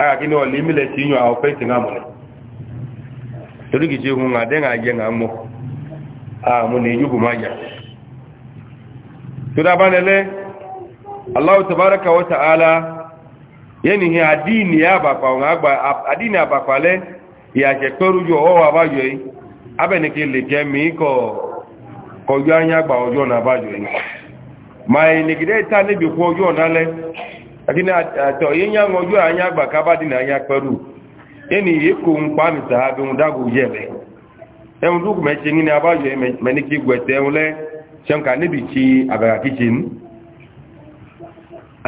àkàkí ní ọ̀lẹ́ mi lẹ̀ sí yàn àwọn fẹ́ ìtìngàmùnẹ̀ torúkì yẹni hin adini ya ọ̀hún agba adini abakpa lẹ ìyàjẹ pẹ́rújú ọwọ́ abájọ yìí abẹnike lè jẹ mí kọ kọjú anyi agba ọjọ́ náà abájọ yìí mà ìnìgídẹ́ ta níbi kú ọjọ́ náà lẹ àdínà àtọ yẹn yàn anyi agba kábàdínà anyi apẹ́rù yẹni èkó ń mẹtsẹ ní yìí mẹnike gbẹtẹ lẹ níbi tsi tsi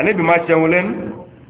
nù tsẹ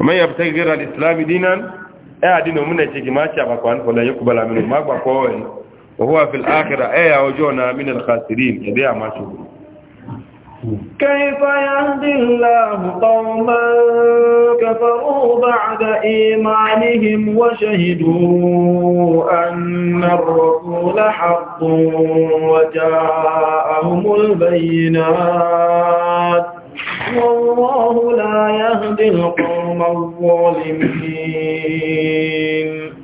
ومن يبتغي غير الاسلام دينا اعدين من يجي ما شابك وان فلا يقبل منه ما بقول وهو في الاخره اي وجونا من الخاسرين يبيع ما شو كيف يهدي الله قوما كفروا بعد إيمانهم وشهدوا أن الرسول حق وجاءهم البينات والله لا يهدي القوم الظالمين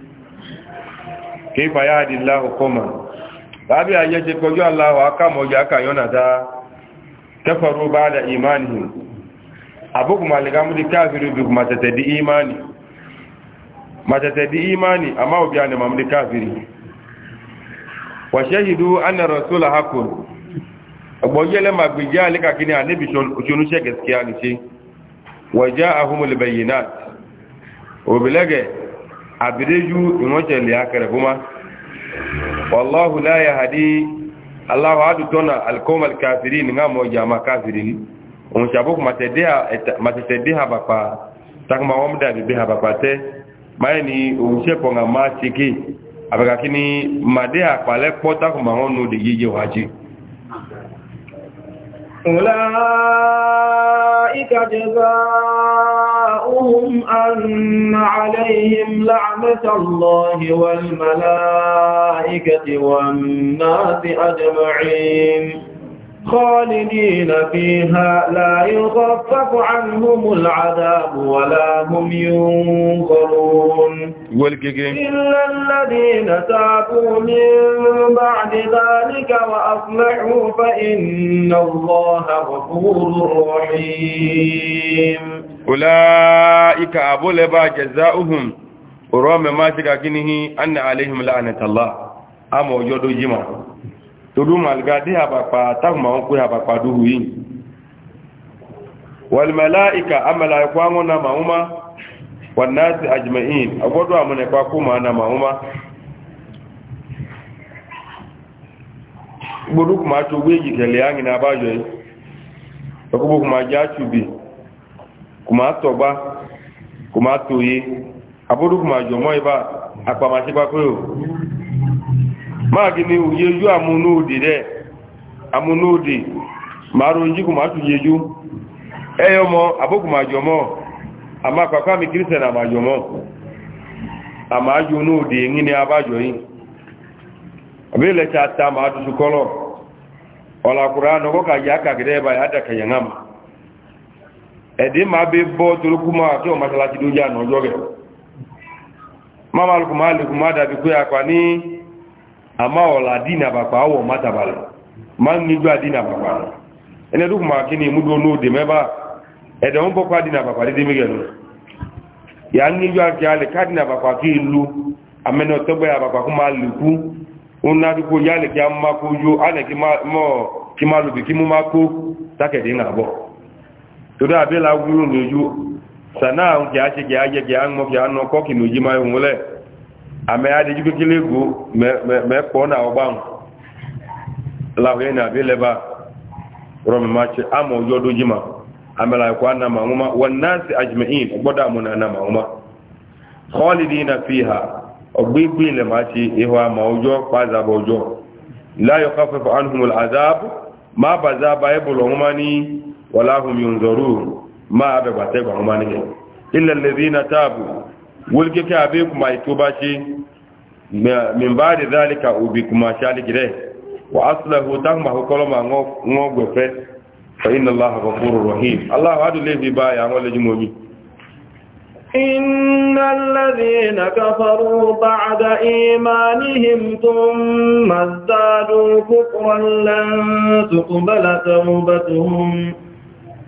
كيف يهدي الله قوما بابي ايجي كوجو الله واكامو جاكا يوندا كفروا بعد ايمانهم abokuma alikamudi kafiru bi kuma tete di imani matete di imani ama obi anema mudi kafiri wa shahidu anna rasula hakun agbọ́jẹ́lẹ́ ma gbèjá alékàkí ní àníbì ṣonúṣẹ́ gẹ̀ẹ́sìkíyà ní ṣe wọ̀já ahúnmọ̀lẹ̀bẹ̀yìn náà òbílẹ́gẹ̀ àbìrẹ́jú ìrọ́jẹ̀lẹ̀ akẹrẹ̀fúnmá wọ́láhù láyà àdí aláwọ̀ adùtọ́nà alkọ́mọ̀lì káfìrí ní àmọ́ ìjàmà káfìrí ní òun ṣàbókù màtẹ̀tẹ̀ dé àbàpà takma wọ́n dàbí bí àbàpà tẹ́ máyẹ̀ ni òun ṣẹ̀pọ̀ àmà ṣe ké àbẹ̀kàkí ni màdé àpàlẹ́pọ̀ أولئك جزاؤهم أن عليهم لعنة الله والملائكة والناس أجمعين خالدين فيها لا يغفف عنهم العذاب ولا هم ينقرون إلا الذين تابوا من بعد ذلك وأصلحوا فإن الله غفور رحيم أولئك أبو لبا جزاؤهم ورغم ما تكاكنه أن عليهم لعنة الله أما وجود جمع todu malga di habakpa tahu ma onku habakpa duhu yi wal malaika amala na ngona mauma wan nas ajma'in agodo amune kwa kuma na mauma bodu kuma to weji kele yangi na bajo yi okubu kuma jachu bi kuma toba kuma toyi abodu kuma jomo iba akpa masipa koyo máàgì ni òyejú àmúnóòdì rẹ̀ àmúnóòdì màárò ń jíkù máa tún yejú ẹyọ mọ àbókù máa jọmọ́ àmà pàpá mi kírísẹ̀n àmàjọmọ́ àmàájú nóòdì èyí ni abájọ yìí àbílẹ̀ tí a ta máa tuntun kọ́lọ̀ ọ̀làkùnrin ànàkọ́ kà yá kàkìrẹ́ ẹ̀bà ní ama ọla di na bakpa awọ mata bala ma n nidu adi na bakpa ẹni duk ma kini mudu onu ode mẹba ẹdẹ wọn bọkọ adi na bakpa dede mi gẹnu ya n nidu adi alẹ ka adi na bakpa ki lu amẹni ọtọgbẹ ya bakpa kó ma lukú ona dukó ya alẹ ki a ma yo alẹ ki ma mọ ki ma lubi ki mu ma kó takẹdi na bọ torí abẹ́la wúlò ní ojú sanaa kì a ṣe kì a jẹ kì a ń mọ kì a nọ kọ́ kì ní ojú ma ń ame aɖe dzi kekele go mɛ kpɔ na wo baŋ lawo yɛ na bi lɛ ba rɔmi ma tse amɔ yɔ do dzi ma ame la ko anama ŋuma wa nansi adzime in gbɔdɔ amu na anama ŋuma xɔli di na fi ha ɔgbegbe lɛ ma tse ihɔ ama wo dzɔ kpa zaba wo dzɔ azab ma ba zaba yɛ bolo ŋuma ni wala hum yunzɔru ma abɛ gbatɛ gba ŋuma ilẹ̀ lɛ wulke ke abe kuma ito ba shi min ba da zalika ubi kuma shali gire wa aslahu tan ma hukolo ma ngo gwefe fa inna allah ghafurur rahim allah hadu le bi ba ya ngo le jumomi إن الذين كفروا بعد إيمانهم ثم ازدادوا كفرا لن تقبل توبتهم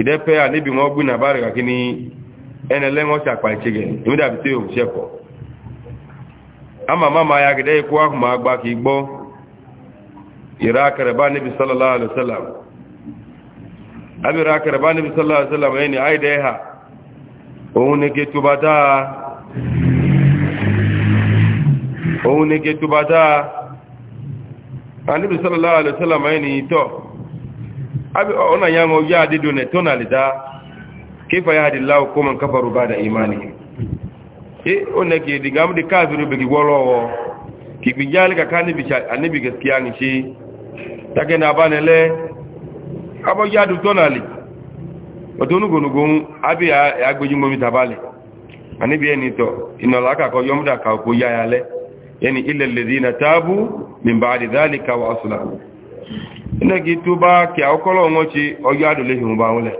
ìdẹ́pẹ́ àníbì wọn gbìn àbárẹ̀ kàkí ní ẹnẹ lẹ́wọ́n ti àpà ìṣẹ́gẹ̀ ìmúdàbí tí òun ṣẹ̀kọ̀ ama mama ya gidẹ́ ikú ahùnmá gba kì í gbọ́ ìrà kẹrẹ̀bá níbi sallallahu alaihi wasallam abira kẹrẹ̀bá níbi sallallahu alaihi wasallam ẹni àìdẹ́ ha òun ní kí tuba dáa òun ní kí tuba dáa àníbi sallallahu alaihi wasallam ẹni tọ́ ona ya ngo ya dido ne tona lida kifa ya hadi law kuma kafaru bada imani e ona ke diga mu de kafiru be ki wolowo ki binjali ka kani bi cha anibi gaskiya ni shi take na bane le abo ya du tona li odonu gonu gon abi agbeju mo mi tabale anibi eni to inola ka ko yomda ka ko ya yale yani illa alladhina tabu min ba'di dhalika wa aslahu ina gi tuba ki awkolo ngochi oyo adule himu baule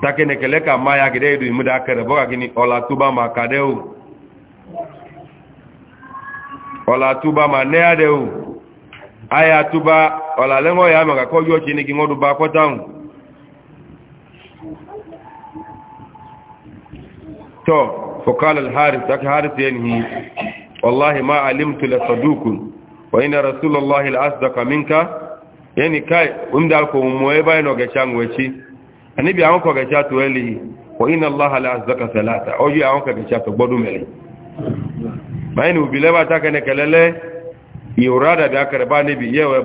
take ne kele ka maya gide da kere boga gini ola tuba ma kadeu ma ne adeu aya tuba ola ya ma ko yo chi ni gi الحارث ذاك حارث ينهي والله ما علمت لصدوق wa ina rasulullahi al-asdaqa minka yani kai umda ko moye bay no gacha ngwechi anibi awon ko gacha to eli wa ina Allah al salata oji awon gacha to gbodu mele bayni ubileba takane kelele yurada da karba nibi yewe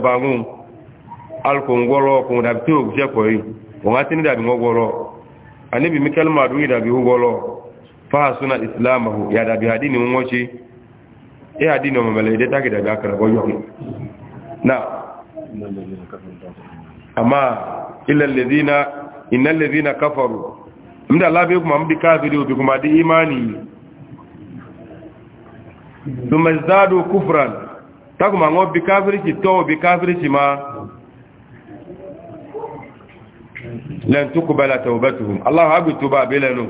alko ko da to gje ko yi won atini da bi ngolo anibi mikel madu da bi ngolo fa suna islamahu ya da bi hadini ngochi e adi no mele de ta gida ga kana boyo na amma illa alladhina innal ladhina kafaru mda labe kuma mbi kafiri ubi kuma di imani thumma zadu kufran takuma ngobi kafiri ci to bi kafiri ci ma lan tuqbala tawbatuhum allah habitu ba bilanu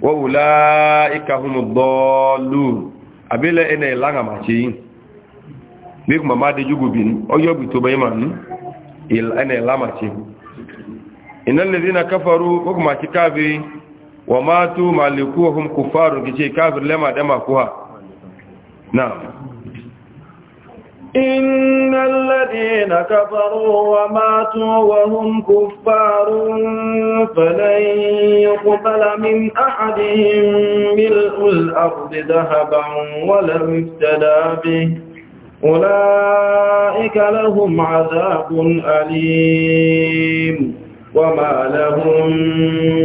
wa ulaika humud dallun abele ene langa machi bi kuma ma de jugu bin oyo bi to bayi man il ene lama chi innal ladhina kafaru kuma chi kafi wa matu malikuhum kufaru kichi kafir lema dama kuha na. إن الذين كفروا وماتوا وهم كفار فلن يقبل من أحدهم ملء الأرض ذهبا ولو افتدى به أولئك لهم عذاب أليم وما لهم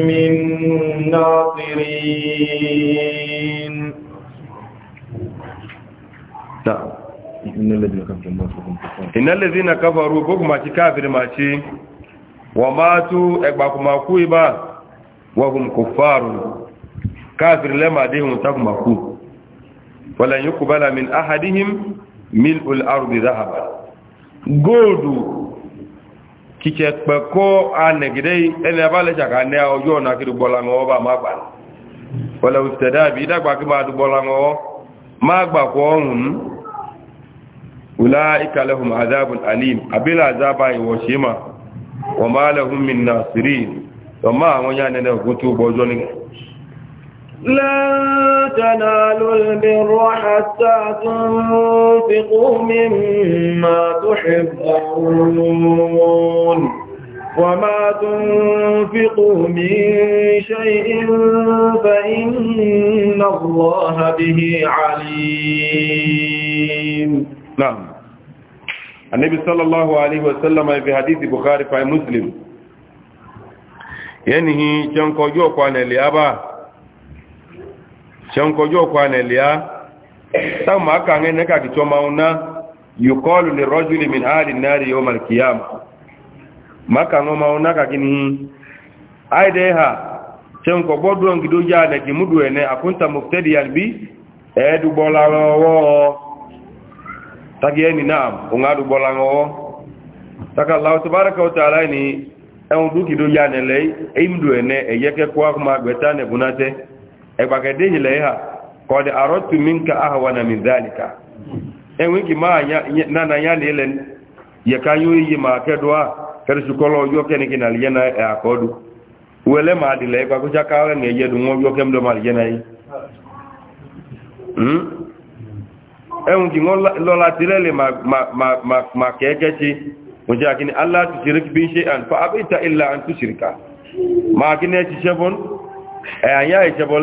من ناصرين innal ladhina kafaru ko kuma ci kafir ma ci wa matu e ba kuma ku iba wa hum kuffarun kafir lama de hum takuma ku wala yuqbala min ahadihim mil'ul ardi dhahaba godu kìkẹ́ pẹ̀ anẹ̀gidẹ́ ẹni abálẹ̀ ṣàkà ní ọjọ́ ọ̀nà kí dùgbọ́lá ọwọ́ bá máa gbà máa dùgbọ́lá ọwọ́ máa gbà ọ̀hún ulaika lahum azabun alim abila azaba iwoshima wa ma lahum min nasirin wa ma won ya nene gutu bojo ni لا تنالوا البر حتى تنفقوا مما تحبون وما تنفقوا من شيء فإن الله به عليم نعم annabi sallallahu alaihi wasallam fi hadithi bukhari fa muslim yanihi chankojo kwa nelia ba chankojo kwa nelia sama aka ngene ka kichoma una yuqalu lirajuli min ahli an-nar yawm al-qiyamah maka ngoma una ka kini aide ha chanko bodron gidoja ne kimudu ene akunta muftadi albi edu bolalo wo tagiye ni naam ungadu bolango taka allah tabaraka wa taala ni en duki do yane le imdu ene eyeke kwa kuma gwetane bunate e bagade hile ha qad aradtu minka ahwana min dhalika en wiki ma na na yane ile ye kayo yi ma kedwa kersu kolo yo kene kina liena e akodu wele ma dile kwa ẹ̀hùn kì wọ́n lọ́la ti rẹ́lẹ̀ ma kẹ́ẹ̀kẹ́ ti mo àkíní aláàtù ṣiríkì bí ń ṣe àn fa abẹ́ta ilẹ̀ àn ma kíní ẹ̀ ti ṣẹ́bọ́n ẹ̀yà ìṣẹ́bọ́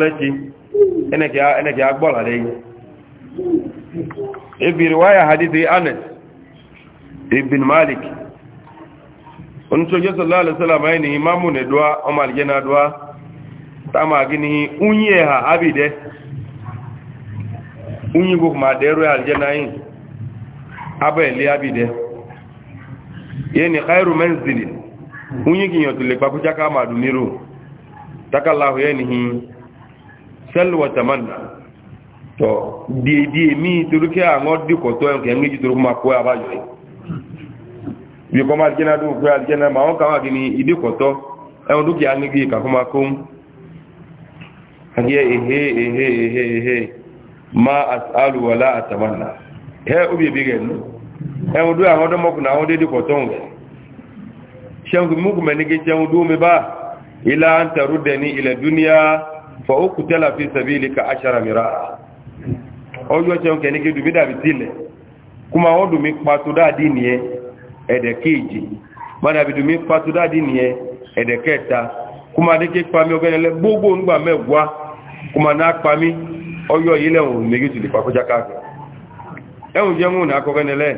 ẹnẹ̀kẹ́ agbọ́là ibn malik Onye na ma unyi unyi nke ukpa ade ruo alijana anyị abụọ eleya bi de yi ni haịrụmendidi unyi gị n'otulikpa butsaka amadu niro takalahu ya ni hii waterman wataman na tọ die die mi turuki aṅụ bi kpọtọ ya nke n'iji turu kpụmaku abadur ị bịa kpọm alijana du ukpo ma ọ nke ahụ a gịnị ịdị kpọtọ ịṅụ dụkịa anaghị ekpe akpọm akpọm ehe ehe ehe ehe. ma as'alu wala atamanna he ubi bige nu e wudu awon do moku na awon de ko shangu muku me nige chan wudu me ba ila an tarudani ila dunya fa uqtala fi sabilika ashara miraa ojo chan ke nige du bida bitile kuma odu mi patu da dini e ede keji mana bidu mi patu da dini e ede keta kuma de ke pa mi ogenele gbogbo ngba mewa kuma na pa mi ọyọ yìí lẹ́wọ̀n mẹ́gìtì lè pàkójá káàkiri ẹ̀wọ̀n jẹ́ mú ní akọ́gẹ́nẹ́lẹ́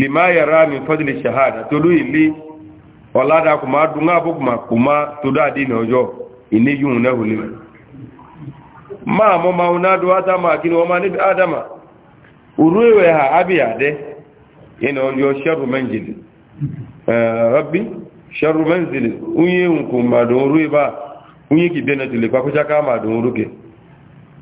lè máa yàrá mi fọ́dílé ṣàhádà tolú ilé ọ̀làdà kò máa dùn áàbò kò máa kò máa tó dáadé ní ọjọ́ ìní yùn náà wòlé mẹ́ máa mọ́ máa ń nádó ádámà kí ni wọ́n máa níbi ádámà òru ìwẹ̀ ha ábíyàdẹ́ ìnà ọjọ́ ṣẹ́rù mẹ́jìlì rọ́bí ṣẹ́rù mẹ́jìlì oyin nǹkan màdùn orú ibà oyin kìí dẹ́nà tìlẹ̀ pàkójá ká màdùn orú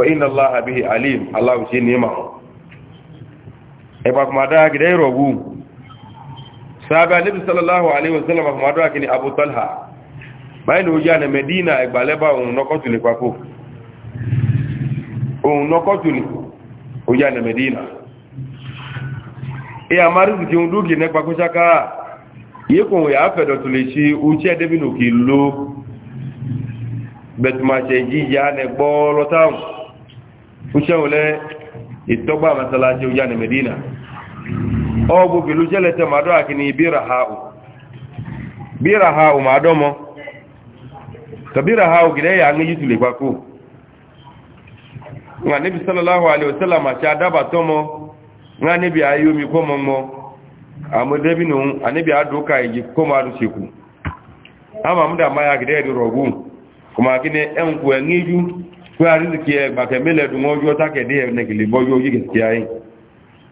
fa inna allaha bihi alim allah shi ne ma e ba kuma da gida rogu sahabi alibi sallallahu alaihi wasallam ba kuma da kini abu talha bayan da hujja na medina igbale ba ohun nokotu ne kwako ohun nokotu ne hujja medina e a mari zuki ohun kwako shaka yi kun ya fẹ́ dọ̀tulẹ̀ sí uche debinu kìí lo bẹ̀tùmáṣẹ̀ jíjá nẹ gbọ́ lọ́tàun fúnṣẹ́ olẹ́ ìtọ́gbà masalajẹ́ òjá ní medina ọgbò pẹ̀lú jẹ́lẹ̀tẹ̀ màdọ́ àkíní bírahau bírahau màdọ́mọ́ tọ bírahau gidẹ́ yà ń yí tulẹ̀ pákó nga níbi sallallahu alaihi wasallam àti adába tọ́mọ́ nga níbi ayomi kọ́mọ́ mọ́ àmọ́dẹ́bìnú àníbi àdókà ìjì kọ́mọ́ àdúṣekù ama mdà máa gidẹ́ ìdúrọ̀gùn kọmọ àkíní ẹnkù ẹ̀ngíjú kwe ariziki ya gbake mele dun ojo take de ne kile bojo oji gaskiya yi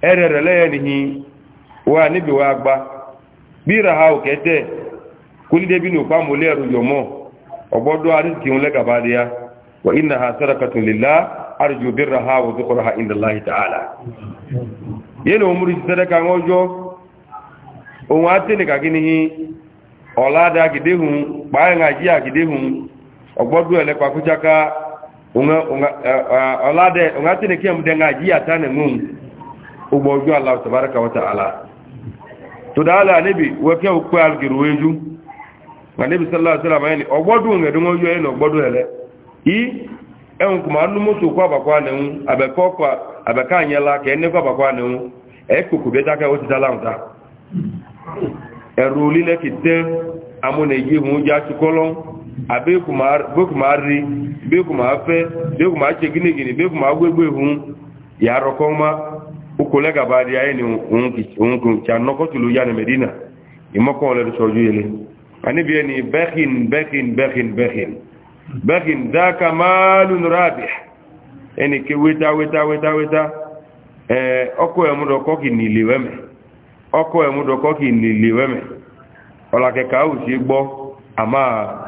erere le ni wa ni wa gba bi ra ha o kuli de bi ariziki un gaba ya wa inna ha arju wa inda allah ta'ala sadaka ohun ka kini ọ̀làdà gidehun pààyàn àjíyà unga unga eh, eh, olade unga tine kia mdenga jia tane mungu ubojua Allah tabaraka wa ta'ala tudala nabi wekia ukwa algiruweju nga nabi sallallahu alaihi wasallam yani obodu nga dungo yo eno obodu ele i ehun kuma anu bakwa ne un abeka anyela ke bakwa ne un ekuku eh, beta ka otitala nta eruli le kite amune yihun abe kuma ri be kuma fe be kuma che gini gini be kuma gbegbe hun ya roko ma ukule ga bari ayi ni un ki un ya na medina imoko le so ile ani bi ni bakhin bakhin bakhin bakhin bakhin da kamalun rabih eni ke weta weta weta weta eh oko e mu ko ki ni liweme oko e mu ko ki ni liweme ola ke ka o si gbo ama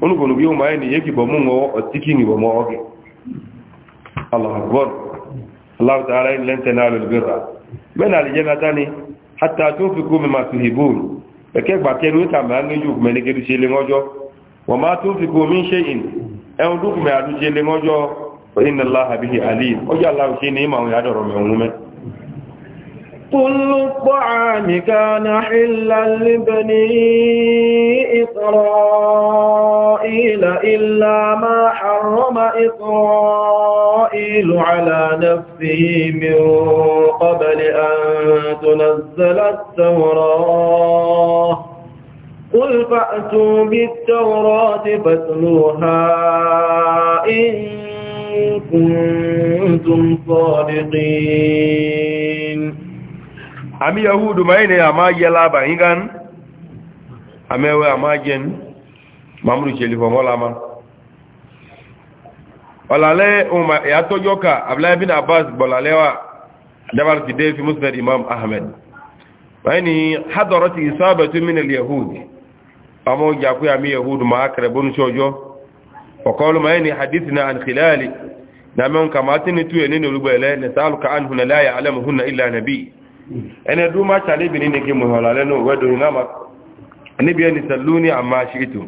onu gị ụmụ anyị na ihe gị bọ mụ ṅụọ ọtịkị gị allah akbar allah ta'ala in lan tanalu albirra min aljannatani hatta tunfiqu mimma tuhibun eke gba kenu ta ma ni ju me ni gedu se le ngojo wa ma tunfiqu min shay'in e on du me adu se ngojo fa inna allah bihi alim o allah se ni ma ya doro me كل الطعام كان حلا لبني إسرائيل إلا ما حرم إسرائيل على نفسه من قبل أن تنزل التوراة قل فأتوا بالتوراة فاتلوها إن كنتم صادقين ami yahudu mai ne ama yela ba ingan amewe ama jen mamru cheli fo mola ma olale umma ya to joka abdullah bin abbas bolalewa dabar ti de fi musnad imam ahmed wani hadarat isabatu min al yahud amo ja ku ami yahudu ma akre bonu chojo wa qawlu ma yani hadithna an khilali na men kamatin tu yenene lugbele ne saluka anhu la ya'lamuhunna illa ene du ma chale bi ni ke mo hola le no wedo ni ma ni bi ni saluni amma shiitu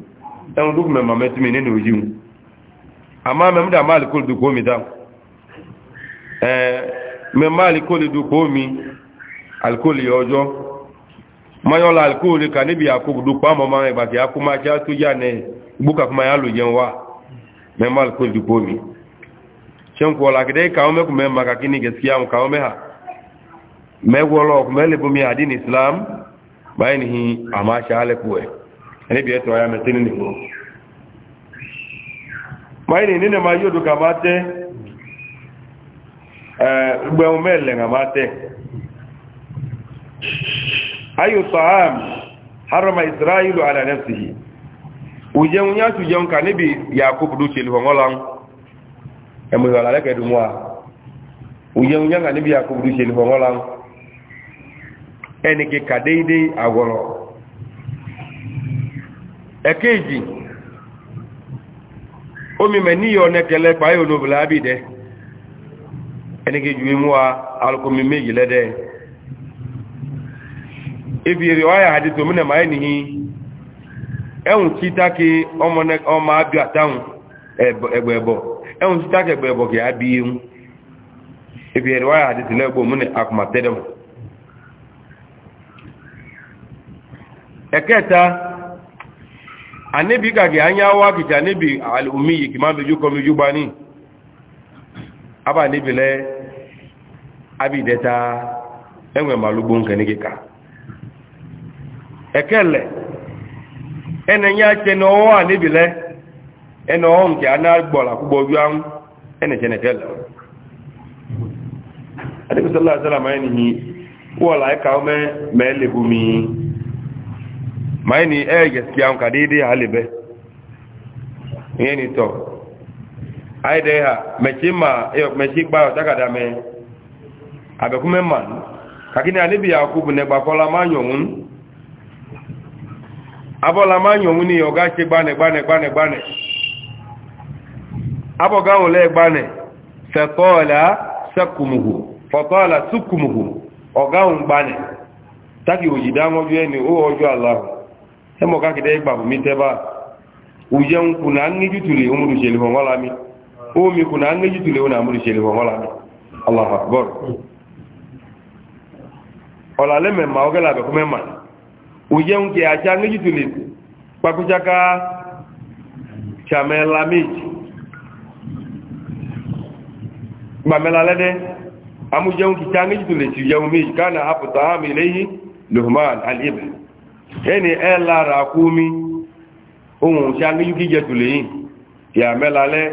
en du me ma metu mi ni no yimu amma me mda mal mi da eh me mal kul du ko mi alcool yojo mayola alcool ka ni tu ja ne buka kuma ya lo jen mi chen ko la gde ka o me ku me mẹ́wọ́lọ́ mẹ́lẹ̀bọ́mí àdín islam báyìí ni àmá ṣáálẹ́kù ẹ̀ ẹnibi ẹ̀tọ́ ọya mẹ́tí nínú ìgbò báyìí ni nínú ma yóò dùkà máa tẹ́ ẹgbẹ̀rún mẹ́lẹ̀ àmá tẹ́ ayò sọ́hám harama israelu alanẹ́sìhì òjẹun yá tùjẹun kà níbi yakub dúkìlì fọ́nwọ́lá ẹmọ̀ ìwàlálẹ́kẹ̀ẹ́dùnmọ́ òjẹun yá kà níbi ẹni kìkà déédéé àwọ̀rọ̀ ẹ̀kẹ́jì omi mẹ́níyọ̀ ọ̀nẹ́kẹ̀lẹ́ pàáyọ̀ o ábìdẹ́ ẹni kìí ju imú wa alùkùnmi méjì lẹ́dẹ́ ibi èrè wáyà àdìtò múnẹ̀ máa nìyí ẹ̀hùn títàkì ọmọ abíọ̀ àtàhùn ẹgbẹ̀ẹ̀bọ̀ ẹ̀hùn títàkì ẹgbẹ̀ẹ̀bọ̀ kìí abíyẹ̀ ibi èrè wáyà àdìtò lẹ́gbọ̀ múnẹ̀ akùmàtẹ́dẹ̀mù ẹ̀kẹta anibi kàkì anyáwá kìkì anibi al'umi yìí kì máa bẹjú kọmi jú gbá ní abà níbi lẹ́ abìdẹta ẹ̀wẹ̀ màlúgbó ń kíkà ẹ̀kẹlẹ̀ ẹnẹ nyá tẹ ní ọwọ́ anibi lẹ́ ẹnẹ ọwọ́ nkẹ́ aná gbọ́lá ojú ahún ẹnẹ tẹ adébísọ́lá sálàmù ẹni yìí wọ́ọ̀lá ẹ̀ka ọmọ mai ni e gaskiya ka daidai halibe ne ni to ai dai ha meci ma e eh, meci ba ta kada me abe kuma man kakini alibi yakubu ne ba kola ma nyonun abola ma nyonun ni oga se gbane gbane gbane gbane aboga won le gbane fa qala sakumuhu fa qala sukumuhu oga won gbane taki ojidan ojo eni o oh, ojo allah ẹmọ kákìdẹ́ ìgbàbù mi tẹ́bà ujẹun kù na ńgéjú tùlé ohun olùṣèlè wọn wọ́la mi wọn allah akbar ọ̀làlẹ́ mẹ́ma ọgẹ́lá àbẹ̀kú mẹ́ma ujẹun kì àti ńgéjú tùlé pàkúṣáká amújẹun kì àti ńgéjú méjì ká náà ẹni ẹ lára kú mi ohun tí a ní yúkí jẹ tùlẹ̀ yìí ìyà mẹ́lalẹ́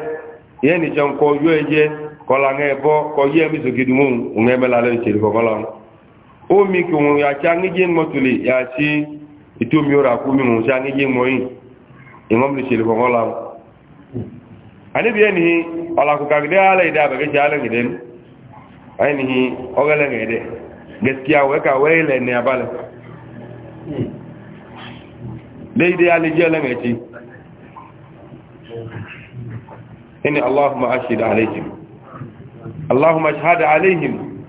yẹni jẹun kọ yú ẹjẹ kọlá ń ẹbọ kọ yí ẹmí sòkèdè mú òun ẹ mẹ́lalẹ́ omi kí òun àti aníjẹ mọ tùlẹ̀ yà sí ètò omi ọ̀rà kú mi òun tí aníjẹ mọ yìí ìwọ́n mi àníbi ẹni alẹ́ ìdá daidai ya lijiyar lamaci ini allahumma ashida alaihim allahumma ashada alaihim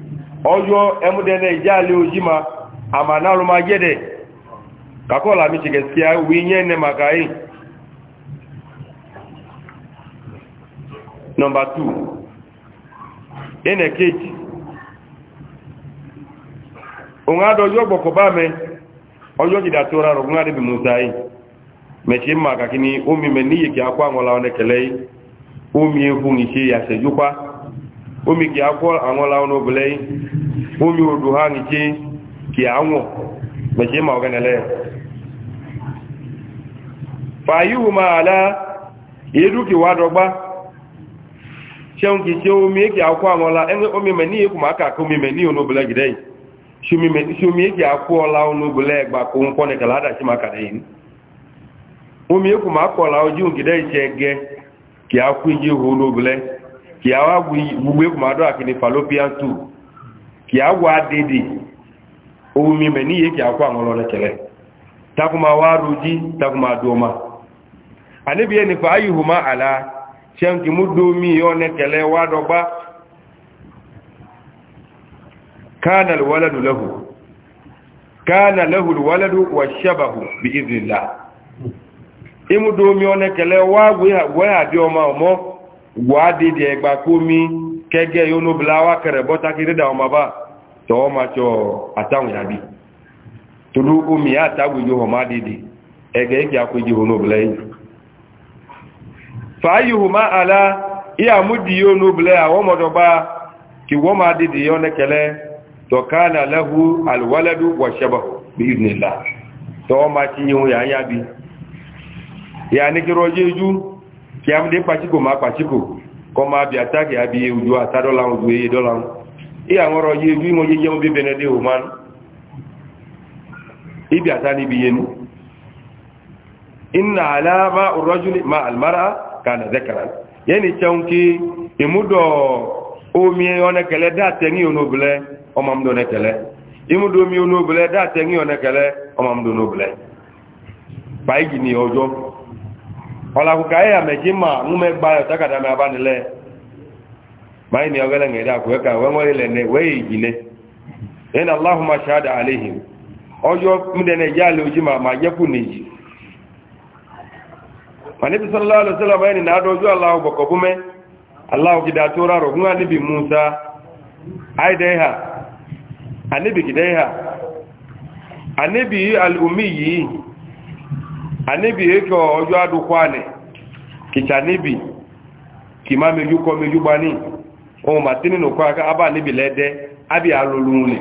ojo emudene ijali ojima amanalu magede kakola mi gaskiya winye ne makai number 2 ene keji onga dojo gboko ba ọjọ́ jìdá tó rárọ̀ gún àdébì musa yìí mẹ̀ṣe ń máa omi mẹ́ ní kí a àwọn ọlọ́wọ́ nẹ́kẹ̀lẹ́ yìí omi ehun ìṣe omi a àwọn ọlọ́wọ́ nọ́bìlẹ́ yìí omi odò ha ń ṣe wọ̀ ń máa ọ̀gẹ́ fàyíwò máa àlá èédú kì wá àwọn omi sumi yake akwụọla n'ogbole egba kwụnkwọ na kala adachi maka na yin umiyekwu ma akwụọla oji ngide iche ge ki akwụ iji hu n'ogbole ki awa gbugbekwu ma adọ akini fallopian tube ki agwa adịdị omume ime n'ihe ki akwụ aṅụlọ n'ekele takuma waru ji takuma doma anibiye nifa ayihuma ala shenki mudomi yo n'ekele wadọgba kana alwaladu lahu kana lahu alwaladu washabahu biiznillah imu do one kele wa we abi oma omo wa di di egba komi kege yo blawa kere bota kire da oma ba to ma cho yabi tulu umi atawu yo ege ki akuji ho blai fa ayuhuma ala iya mudi yo no blai awomodo ba ki to kana lahu alwaladu wa shabahu bi idnillah to ma ti yin ya ya bi ya ni kiro jeju ki am de pachiko ma pachiko ko ma bi attack ya uju atado la uju e do la i jeju mo je bi benede o man atani bi yenu inna alama ma kana yani imudo omi onekele da teni onobule ọmọmdó nẹkẹlẹ imúdó mi onóbulẹ dáàtẹ ní ọnẹkẹlẹ ọmọmdó onóbulẹ báyìí ni ọjọ́ ọlàkùkà ẹ̀yà mẹ̀jí mà ńmẹ́ gba ọ̀tàkàdà mi abánilẹ̀ báyìí ni ọgẹ́lẹ̀ ń ẹ̀dá kùẹ́kà wẹ́wọ́n na nẹ wẹ́yẹ̀ ìjìnlẹ̀ ẹ̀yìn aláhùnmá ṣáàdà anabi gideha anabi al'ummi yi anabi yake ọjọ́ adùkwani kìtà níbi kì máa mejú kọ mejú gba ní ohun màtí nínú kọ́ aká abá níbi lẹ́dẹ́ ábí alolóhun lè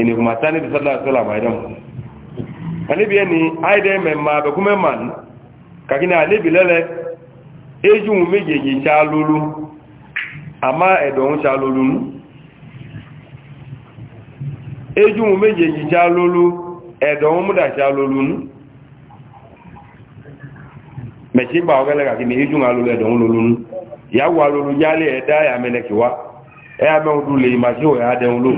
ènìyàn màtá níbi sọ́lá àbáyé anabi ẹni mẹ́mà méjèèjì àmá ẹ̀dọ̀ nù eju mu méjèèjì já lólú ẹ̀dọ̀ wọn múdà já lólú nú mẹ̀sí gbà ọgẹ́lẹ̀ kàkí ni eju wọn lólú ẹ̀dọ̀ wọn lólú nú ìyàwó alólú jálẹ̀ ẹ̀dá àmẹ́lẹ̀kì wá ẹ̀yà mẹ́wọn dùn lè má sí òyà adẹ́wọn ló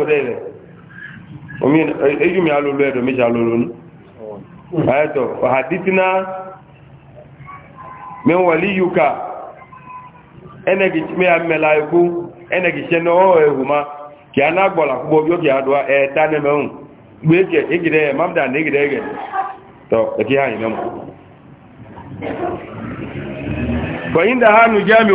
mẹ́bí ejumi alulu ẹ̀dọ̀ méjì alulu ní ayẹ́tọ̀ ọ̀hàdítínà mẹ́wàlí yúkà mẹ́àmẹ́lá ikú ẹnẹ̀gìṣẹ́ náà ẹ̀hù ma kí a náà gbọ́lá púpọ̀ yóò kí a dọ́ e, ẹ̀ẹ́ta nẹ́mẹ́hùn gbé ẹgìdẹ́ mamda ní ẹgìdẹ́ egide tọ́ ẹ̀kí egide. ìmẹ́mù fọ̀yín da hánú jẹ́mi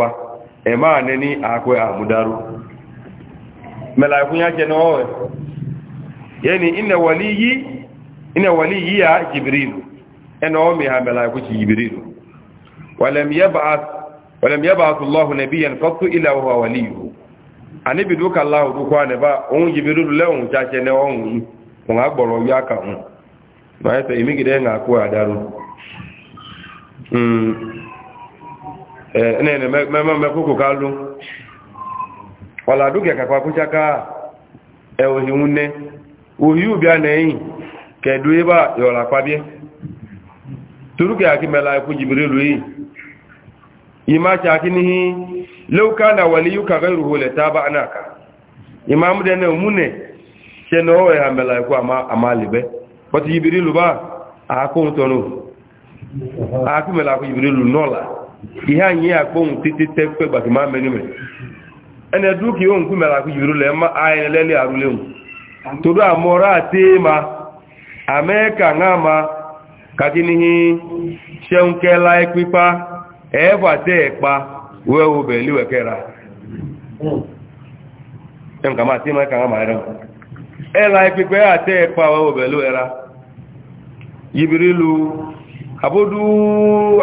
ó ẹ̀má ní ní àkọ́ àmúdárú mẹ́láìkún yá jẹ́ náà ẹ̀ yẹ́ ni iná wàlí yí à jìbìrìlù ẹnà ọmọ ha mẹ́láìkún ti jìbìrìlù wàlẹ̀m yẹ́bà àtúlọ́hù nẹ̀bí yẹn kọ́tù ilẹ̀ ọwà wàlí yìí a níbi dúkà láhù dúkọ́ ànẹ́bá Eh, nene mekoko kalu wala duke kakwa kuchaka e eh, ohi nne ohi ubia na eyi kedu ebe a yola kwabie turuke aki mela ikwu jibirilu yi imacha aki nihi leuka na waliyuka gairuhu letaba anaka imam dene umune se na owe ha mela ikwu ama amalibe but jibirilu ba akụ ntonu akụ mela ihe anyị ya akpọnwụ titi tekwe gbaki ma mmeri ene du ki o nku mera ma ayin lele arule mu todu ati ma amerika nga ma ka nga ma ela epipa ate ekpa wee o be abodu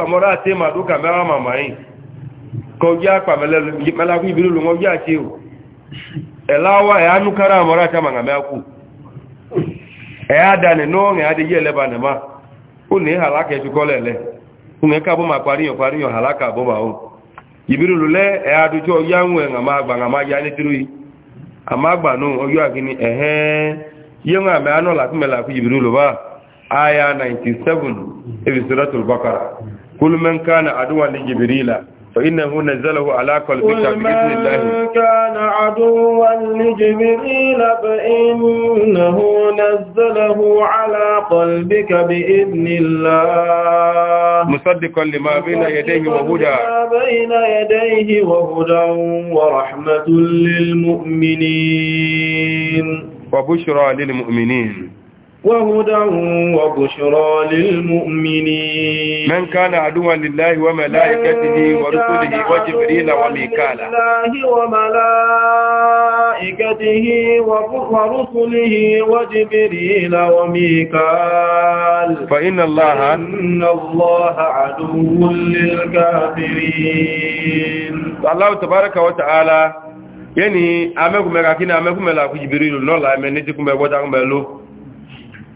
amọ́ra àti màdó kàmẹ́rà màmá yìí kọjú àpà mẹ́lákú ìbílú ló wọ́n jẹ́ àti ìwò ẹ̀láwà ẹ̀ anúkárà amọ́ra àti àmàgà mẹ́kù ẹ̀ adànì náà ẹ̀ adéyé ẹlẹ́bà nìmá ó ní àlákẹ́ ṣukọ́lẹ̀lẹ́ fún ẹ̀ká bó ma paríyàn paríyàn àlákà bó ma ó ìbílú ló lẹ́ ẹ̀ adójọ́ yáwó ẹ̀ àmà àgbà àmà yá ní tírú yìí àmà àgbà náà ọjọ́ àkíní ẹ̀hẹ́n yẹ́wọ̀n àmì آيه 97 ibi suratul bakara kul man kana aduwa li فإنه نزله على قلبك بإذن الله قل من كان عدوا لجبريل فإنه نزله على قلبك بإذن الله مصدقا لما بين يديه وهدى بين يديه وهدى ورحمة للمؤمنين وبشرى للمؤمنين وهدى وبشرى للمؤمنين من كان عدوا لله وملائكته ورسله وجبريل وميكالا الله وملائكته ورسله وجبريل وميكال فإن الله إن الله عدو للكافرين الله تبارك وتعالى يعني أمكم مراكين أمكم ملاكو جبريل نولا أمنيتكم بوضعكم بلو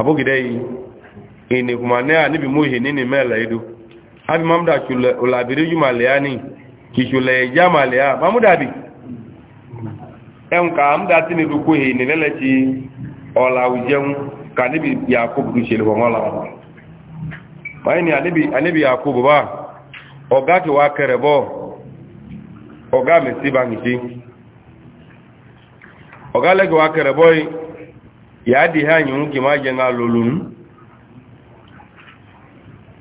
abogide ini kuma ne a nibi mo hini ni mele idu abi mamda chule ulabiri juma leani kichule jama lea mamuda bi enka amda tini du ko hini lele chi ola ujeun ka nibi yakub du chele ko ngola ba ni anibi anibi yakub ba oga ti wa kerebo oga mesiba ngi oga lege wa kerebo yi ya dị ha anyị nwoke ma je na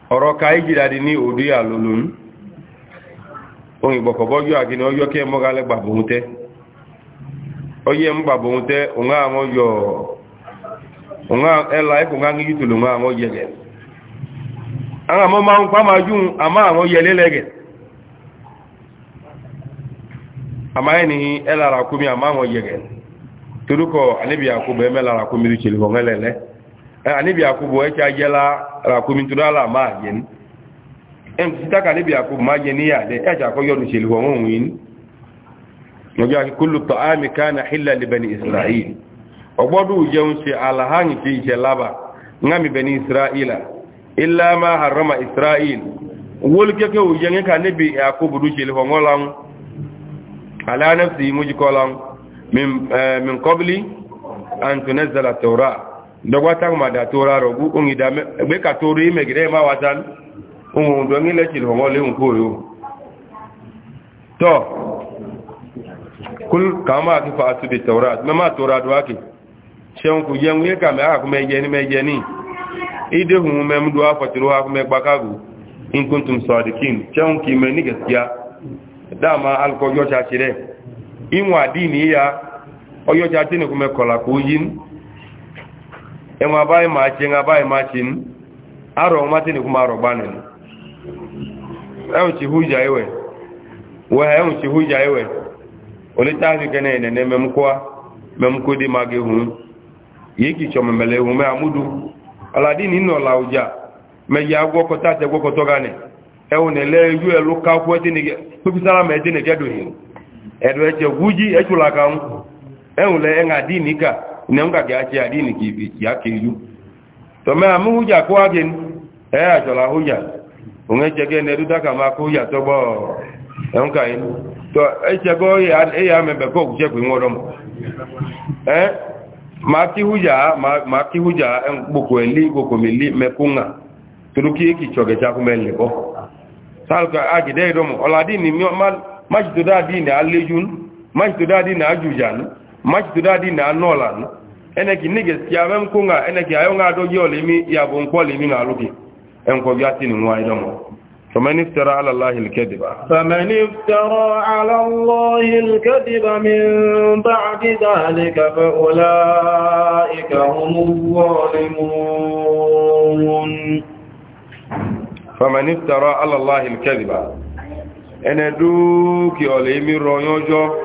m ka anyị jiri adị ní ya lụlụ m onye gbakọbọjọ a gị na ọjọ ke onye m gbabonwute onwe ahụ yọ onwe ẹla ịkụ nwa nwa ahụ m nkwa ma ju ama ahụ amaghị n'ihi ama ahụ toroko anibi yakubu eme la rakumi richeli hongelele anibi yakubu echa ajela rakumi tudala majen en sitaka anibi yakubu majen ya de echa ko yodu cheli hongonwin noja kullu ta'ami kana hilla li bani isra'il obodu jeun si alahangi ti chelaba ngami bani isra'ila illa ma harama isra'il wolke ke ujenge ka anibi yakubu du cheli hongolan ala nafsi mujikolan min kɔbili eh, an tunazala tora dɔgɔ ta kuma da tora rɔ ku ungi da gbe ka tori ime gire ma watan ungu ndo ngi le chiri hongo le unko yo to kul kama ki fa atu bi tora me ma tora do aki sheun ku yengu ye kame a kuma ye ni me ye ni ide hu me mdu afa tiro ha kuma gbakagu in kuntum sadiqin sheun ki me ni gaskiya dama alko yo cha chire inwa dini ya oyoja tini kumekola ka enwa bai machi nga bai machin aro matini kuma aro banen ewu huja iwe weha anyị chi huja iwe olitahi kene ne ne memkwa memkudi magi ike na choma mele hun me amudu aladini ma lauja me ya gwo kota te gwo kotogane ewu ne le yu elu ka kwetini ma ẹ̀dọ̀ ẹ̀jẹ̀ wújí ẹ̀tùlaka ń ẹ̀hùnlẹ̀ ẹ̀hà dínì ka ìnẹ̀mùkà kí a ṣe àdínì kì í yá kéjú tọ́mẹ́ àmúhújà kó wáge ẹ̀ àṣọ̀lá hújà òun ẹ̀ṣẹ̀gẹ́ ẹ̀nẹ́dú dákà máa kó hújà tọ́gbọ́ ẹ̀hùnkà yìí tọ́ ẹ̀ṣẹ̀gọ́ ẹ̀yà mẹ́bẹ̀ kọ́ a pé wọ́n rọmọ ẹ́ máa kí machi dị dadi na alejun machi to na ajujan machi to na nolan ene ki ni gaskiya ban ene ki ayo ya bon ko na ruki en ko biati ni wa idan فمن افترى على الله الكذب فمن افترى على الله الكذب من بعد ذلك فأولئك هم الظالمون فمن افترى ene du ki ole mi royon jo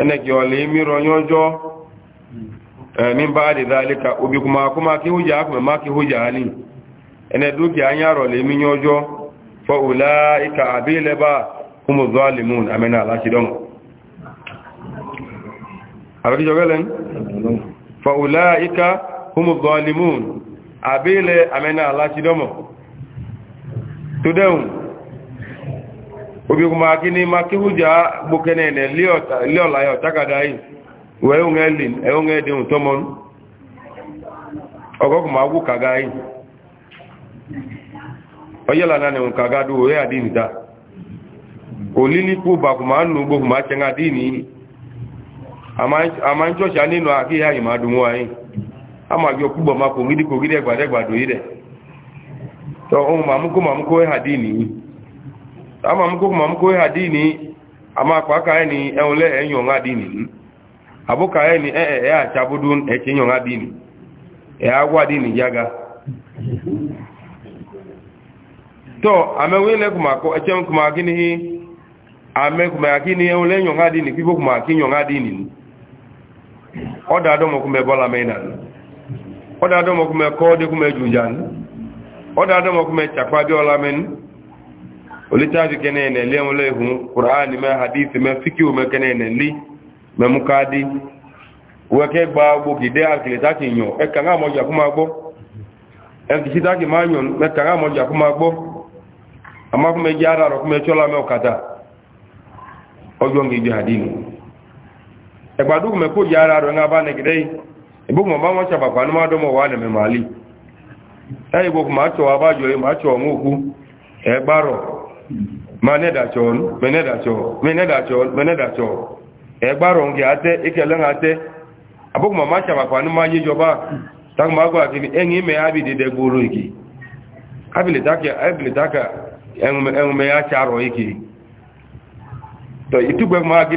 ene ki ole mi royon jo eh min ba de zalika ubi kuma kuma ki huja kuma ma ki huja ni ene du ki anya ro le mi yojo fa ulaika abile ba humu zalimun amena la shi don abaki jogalen fa ulaika humu zalimun abile amena la shi don to deun obi kuma akini ma kihuja bukene ne liota liola yo takadai we ungelin e ungedi utomon ogo kuma agu kagai oyela nane unkagadu we adinta olili kuba kuma anu bo kuma chenga dini ama ama njo shanino akiya imadumu kuba mako ngidi kogide gbadegba do ire to ama mko kuma mko ya dini ama kwa ka ni eole enyo nga dini abuka ya ni eh eh e, achabudun ekinyo nga dini e agwa dini jaga to amewile kuma ko echem kuma gini hi ame kuma gini eole enyo nga dini kibo kuma kinyo nga dini oda domo kuma bola mena oda domo kuma kode kuma jujan oda domo kuma chakwa bi ola mena olitaji kene ne le mo le hun qur'ani ma hadith ma fikiu ma kene ne li ma mukadi wa ke ba bo gide akile ta kinyo e kan mo ja kuma gbo e ki ta ki ma nyon me kan mo ja kuma gbo ama kuma jara ro kuma chola me okata ojo ngi bi hadini e gbadu me ko jara ro nga ba ne gide e bo ba mo cha ba kwa ma do mo wa ne me mali kuma cho wa ba jo e ma cho mo ku e manedachon menedachon menedachon menedachon ẹgbàrọ̀ ń gẹ i me ń àtẹ́ àbúkùnmọ̀ má ṣàpàpà ní máa yíjọba tágbà àgbà àkìrí ẹ̀yìn ìmẹ̀ àbìdẹ̀dẹ̀ gbòòrò ìkì ábìlìtákà ẹ̀hùnmẹ̀ àṣàrọ̀ ìkì tọ̀ ìtúgbẹ̀ máa gí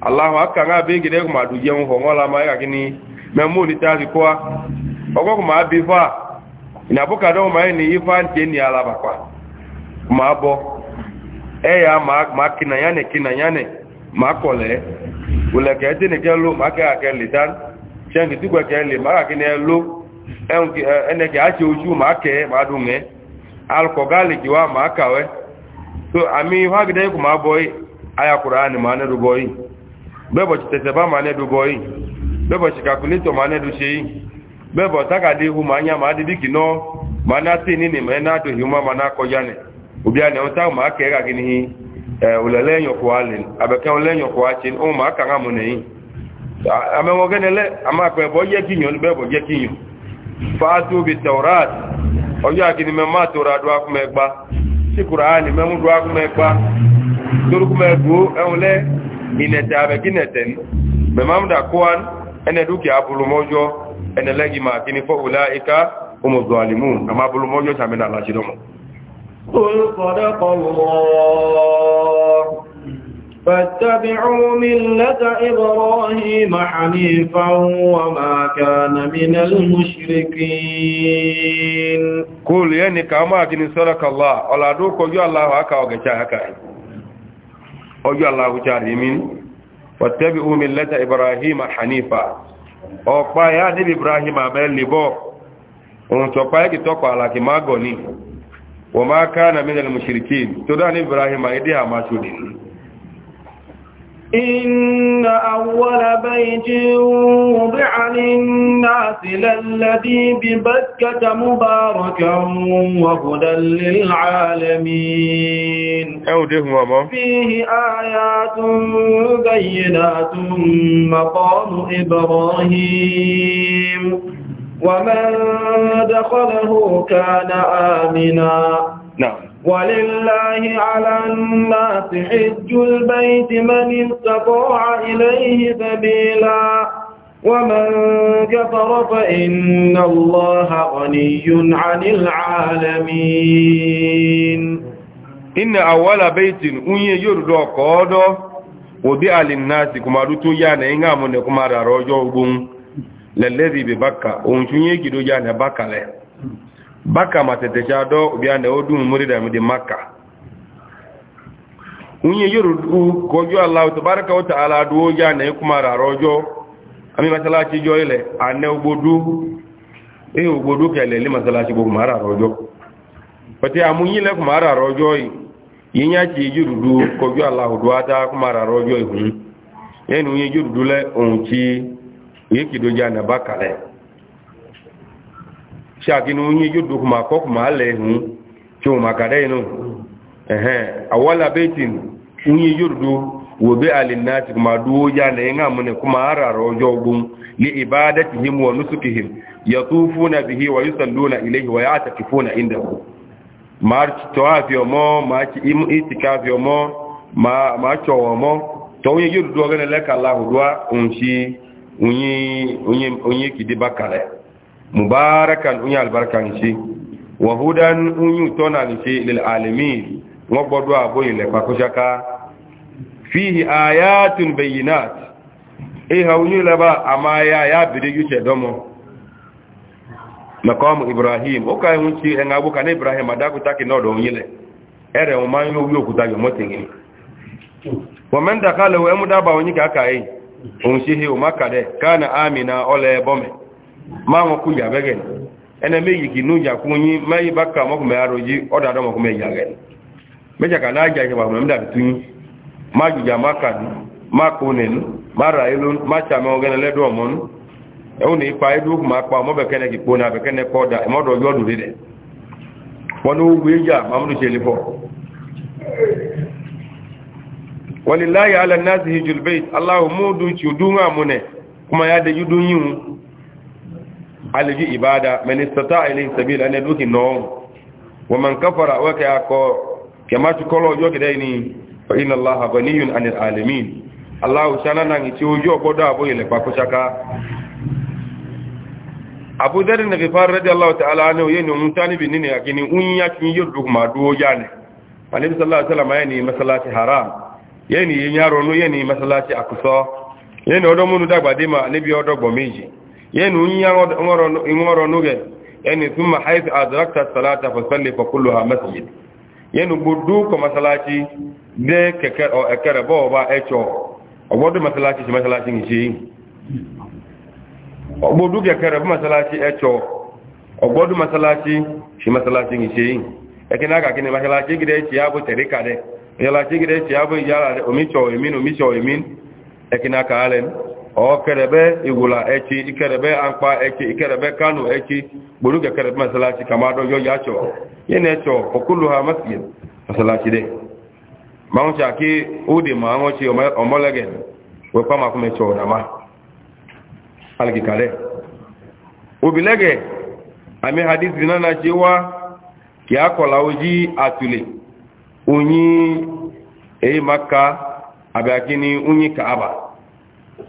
alahu aka nga be gide ma madu yen ho ngola ma ya kini me mo ni ta ko ogo ma bi fa ina buka do ma ni ifa nte ni ala ba kwa ma bo e ya ma ma kina yane ma kole ke ti ni ke ma ke ake le dan chen ti ke ma ka kini lo en ki e, ene ke a ma ke ma du al ko gali ma ma boy aya qur'ani bẹ́bọ̀ ti tẹ̀sẹ̀ bá máa nẹ́dù bọ́ yìí bẹ́bọ̀ ti kàkùlétọ̀ máa nẹ́dù ṣe yìí bẹ́bọ̀ tákàdé ihu máa yá máa dídí kìíná máa ná sí nínú ìmọ̀ ẹ̀ná àdò ìhùmá máa ná kọjá nẹ̀ òbí àná ọ̀tá máa kẹ́ ẹ̀ka gini ọ̀lẹ́lẹ́yọ̀kọ̀ alẹ́ abẹ́kẹ́ ọ̀lẹ́yọ̀kọ̀ àti ọ̀hún máa kàrà mọ̀ nẹ̀yìn àmẹ́wọ̀n gẹ́nẹ́lẹ́ àmàpẹ̀bọ̀ yẹ kíyàn bẹ́bọ̀ yẹ kíyàn fàátù bí tẹ̀wọ́ráàt ọjọ́ àkíní mẹ́má tóra dọ́ akúmẹ́gbá síkùrà á ní mẹ́mú lẹ́ inete abekineten memamda kuan ene duki abulumojo ene legi makini fo ulaika umu zalimun ama abulumojo chamina la chidomo قل صدق الله فاتبعوا ملة إبراهيم حنيفا وما كان من المشركين قل يعني كما أجن صدق الله ألا دوكو يو الله أكا وكشاهكا ọjọ́ aláwọ̀ jáde mi ní wàtẹ́bí omi lẹ́ta ibrahim hanifa ọ̀pá ya níbi ibrahim abẹ́lẹ́bọ̀ ohun tọ́pá yẹ́kì tọ́pọ̀ alákì má ní wọ́n má ká na mílẹ̀ mùsùlùmí tó dá ní ibrahim ayédè àmásòdì إن أول بيت وضع للناس للذي ببكة مباركا وهدى للعالمين فيه آيات بينات مقام إبراهيم ومن دخله كان آمنا نعم ولله على الناس حج البيت من استطاع إليه سبيلا ومن كفر فإن الله غني عن العالمين إن أول بيت أني يرد قادة وضع للناس كما رتو يعني إنهم نكما رجوع للذي ببكة ونشو يجدو يعني بكة baka matete cha do biande odu murida mudi makka unye yoru kojo allah tabaaraka wa ta'ala do jane kuma ra rojo ami masala ci joyle ane obodu e obodu ke le le masala ci kuma ra rojo pati amunyi le kuma ra rojo yi yinya ci yoru do kojo allah do ata kuma ra rojo yi hun yenu yoru do le onchi yiki do jane baka le shakinu yi yudu kuma ko kuma alaihu ci ma kadai no eh awala baitin yi yudu wo bi alinnati kuma duwo ya ne nga mune kuma arara ojo gun li ibadatihim wa nusukihim yatufuna bihi wa yusalluna ilayhi wa ya'takifuna indahu mar tawafi omo ma ci itikafi omo ma ma cho omo to yi yudu do gane leka allah duwa unshi unyi unyi unyi kidibakare mubarakan unyi albarka nci wa hudan unyi tona nci lil alamin wa gbodo abo ile pakushaka fihi ayatun ha iha unyi laba amaya ya bidi yuce domo maqam ibrahim o kai unci en abu kan ibrahim adaku taki nodo unyile ere o man yo yo kuta yo motingi wa man dakala wa mudaba unyi ka kai unshi he o makade kana amina ole bome maama ku yabɛgɛn ɛnɛ mɛ yigi nu yakun yi mɛ yi ba ka mɔkumɛ aro yi ɔda dɔ mɔkumɛ yagɛn mɛ jaka n'a jaja ba kumɛ mɛ dabi tun yi mɛ ajuja mɛ ka du mɛ ko nenu mɛ ara yi lu mɛ atsamɛ o gɛnɛ lɛ du ɔmɔnu ɛwɔ ne fa edu kuma kpa mɛ bɛ kɛnɛ kikpo na bɛ kɛnɛ kɔ da mɛ ɔdɔ yɔ du de dɛ wɔni o wu edza mamudu seli fɔ wɔni layi alɛ nasi hijulbe alahu mudu tsi du ŋa mun aliji ibada man istata ilayhi sabila ne duki no wa man kafara wa ka ko kema tu kolo jo gidai ni fa inna allaha ghaniyun anil alamin allah shana nan ti ojo bodo abo ile pa ko saka abu dhar ne gifar radiyallahu ta'ala anhu yenu mutani binini akini unya kin yodu ma duwo jane alayhi sallallahu alaihi wasallam yani masalati haram yani yin yaro no yani masalati akuso yani odo munu dagbade ma nabi odo gbo meji yẹnu yíya ŋɔrɔ nugɛ yẹni tuma haifu adrakta salata fasalli fakulu ha masjid yẹnu gbogbo kɔ masalasi de kɛkɛ ɔ ɛkɛrɛ bɔn ba ɛtsɔ ɔgbɔdo masalasi si masalasi ŋi se ɔgbɔdo kɛkɛrɛ bɔ masalasi ɛtsɔ ɔgbɔdo masalasi si masalasi ŋi se ɛkɛnɛ aka kɛnɛ masalasi gidɛ etsi abo tɛri ka dɛ masalasi gidɛ etsi abo yala dɛ emin tsɔ omi omi tsɔ omi ọkẹrẹbẹ ìwòlà ẹtì ìkẹrẹbẹ ikerebe ẹtì ìkẹrẹbẹ kánò ẹtì gbòlúgẹ kẹrẹbẹ masalasi kàmádọ yọjá tsọ yẹn nẹ tsọ ọkùlù ha mẹsìlẹ masalasi dẹ màwọn tsà kí óde ma àwọn tsi ọmọlẹgẹ wọ fama fún mi tsọ ọdàmà alikika dẹ òbílẹgẹ àmì nana wa kì á ojí àtúlẹ onyi èyí ma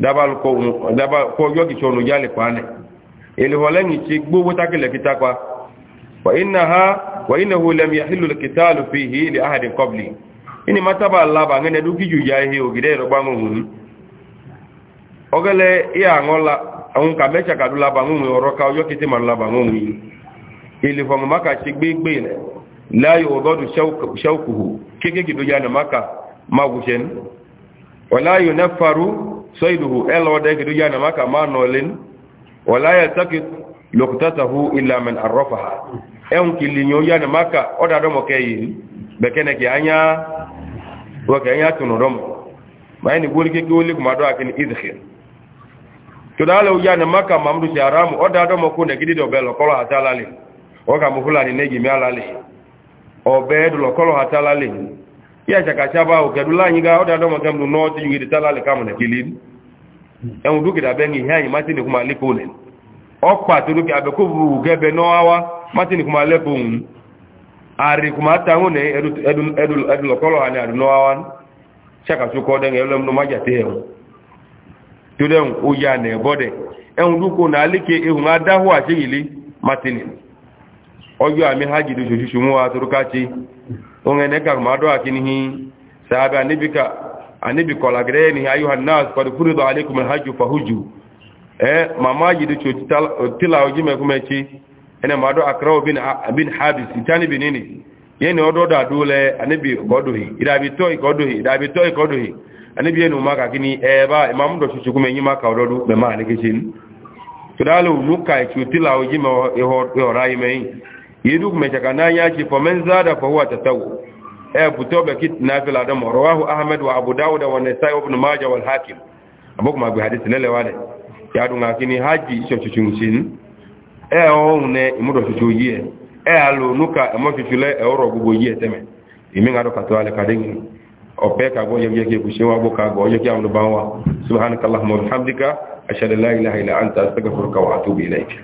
dabal ko dabal ko yogi chonu jale kwane ili holengi ci gbubu takile kitakwa wa innaha wa innahu lam yahillu alqitalu fihi li ahadin qabli ini mataba allah ngene du giju jahi o gide ro bangu hun ya ngola ka mecha ka ka ti la ili fo maka gbegbe ne la shawku shawkuhu maka magushen صيده الا ودك دجانا ما كما نولن ولا يلتقط لقطته الا من عرفها ان كل نيوجانا ما كا اودا دومو كاي بكنك انيا وكانيا تنورم ما ني بولك كولك ما دو اكن ادخل تدال وجانا ما كا مامدو شارام اودا دومو كون كيدي دو بلو كولو هتالالي وكا مفلاني نجي ميالالي obedu lokolo hatalali ya chakacha ba o kedula anyi ga oda do magam no not you get tala le kam na kilin en du kida ben ihe anyi mati ni kuma le ko len okwa to du abe ko bu gebe no awa mati ni kuma le ko ari kuma ta won edu edu edu edu lo kolo ani adu no awa chaka su ko den elem no maja te en to o ya ne bode en du ko na le ke ehun adahu aseyile mati ni oyo ami haji do jojuju mu wa to rukachi onge ne kak mado akini hi sabe anibika anibi kolagre ni ayu hanas kwa kuri do ale kuma haju fa huju eh mama ji do chotital tila oji me kuma chi ene mado akra obi na bin habis itani binini yene odo da dole anibi godo hi irabi to i godo hi irabi to i godo hi anibi enu ma ka kini e ba imam e do chuchu kuma nyima ka odo be ma ni kishin tudalo nuka chotila oji me e ho e ho rai me yidu yedu kumechaka nanyi fa man zada fa huwa tatawu e butobe kit na fil adam rawahu ahmad wa abu daud wa nasai ibn majah wal hakim abok ma bi hadith lele wale ya yadu ngakini haji cho chuchungchin e oune imudo chuchuyie e alu nuka mo emo chuchule e oro gugu yie teme imi ngado katwale kadingi opeka go yeye ke kushewa go kago yeye ke amdu banwa subhanakallahumma wa bihamdika ashhadu an la ilaha illa anta astaghfiruka wa atubu ilayk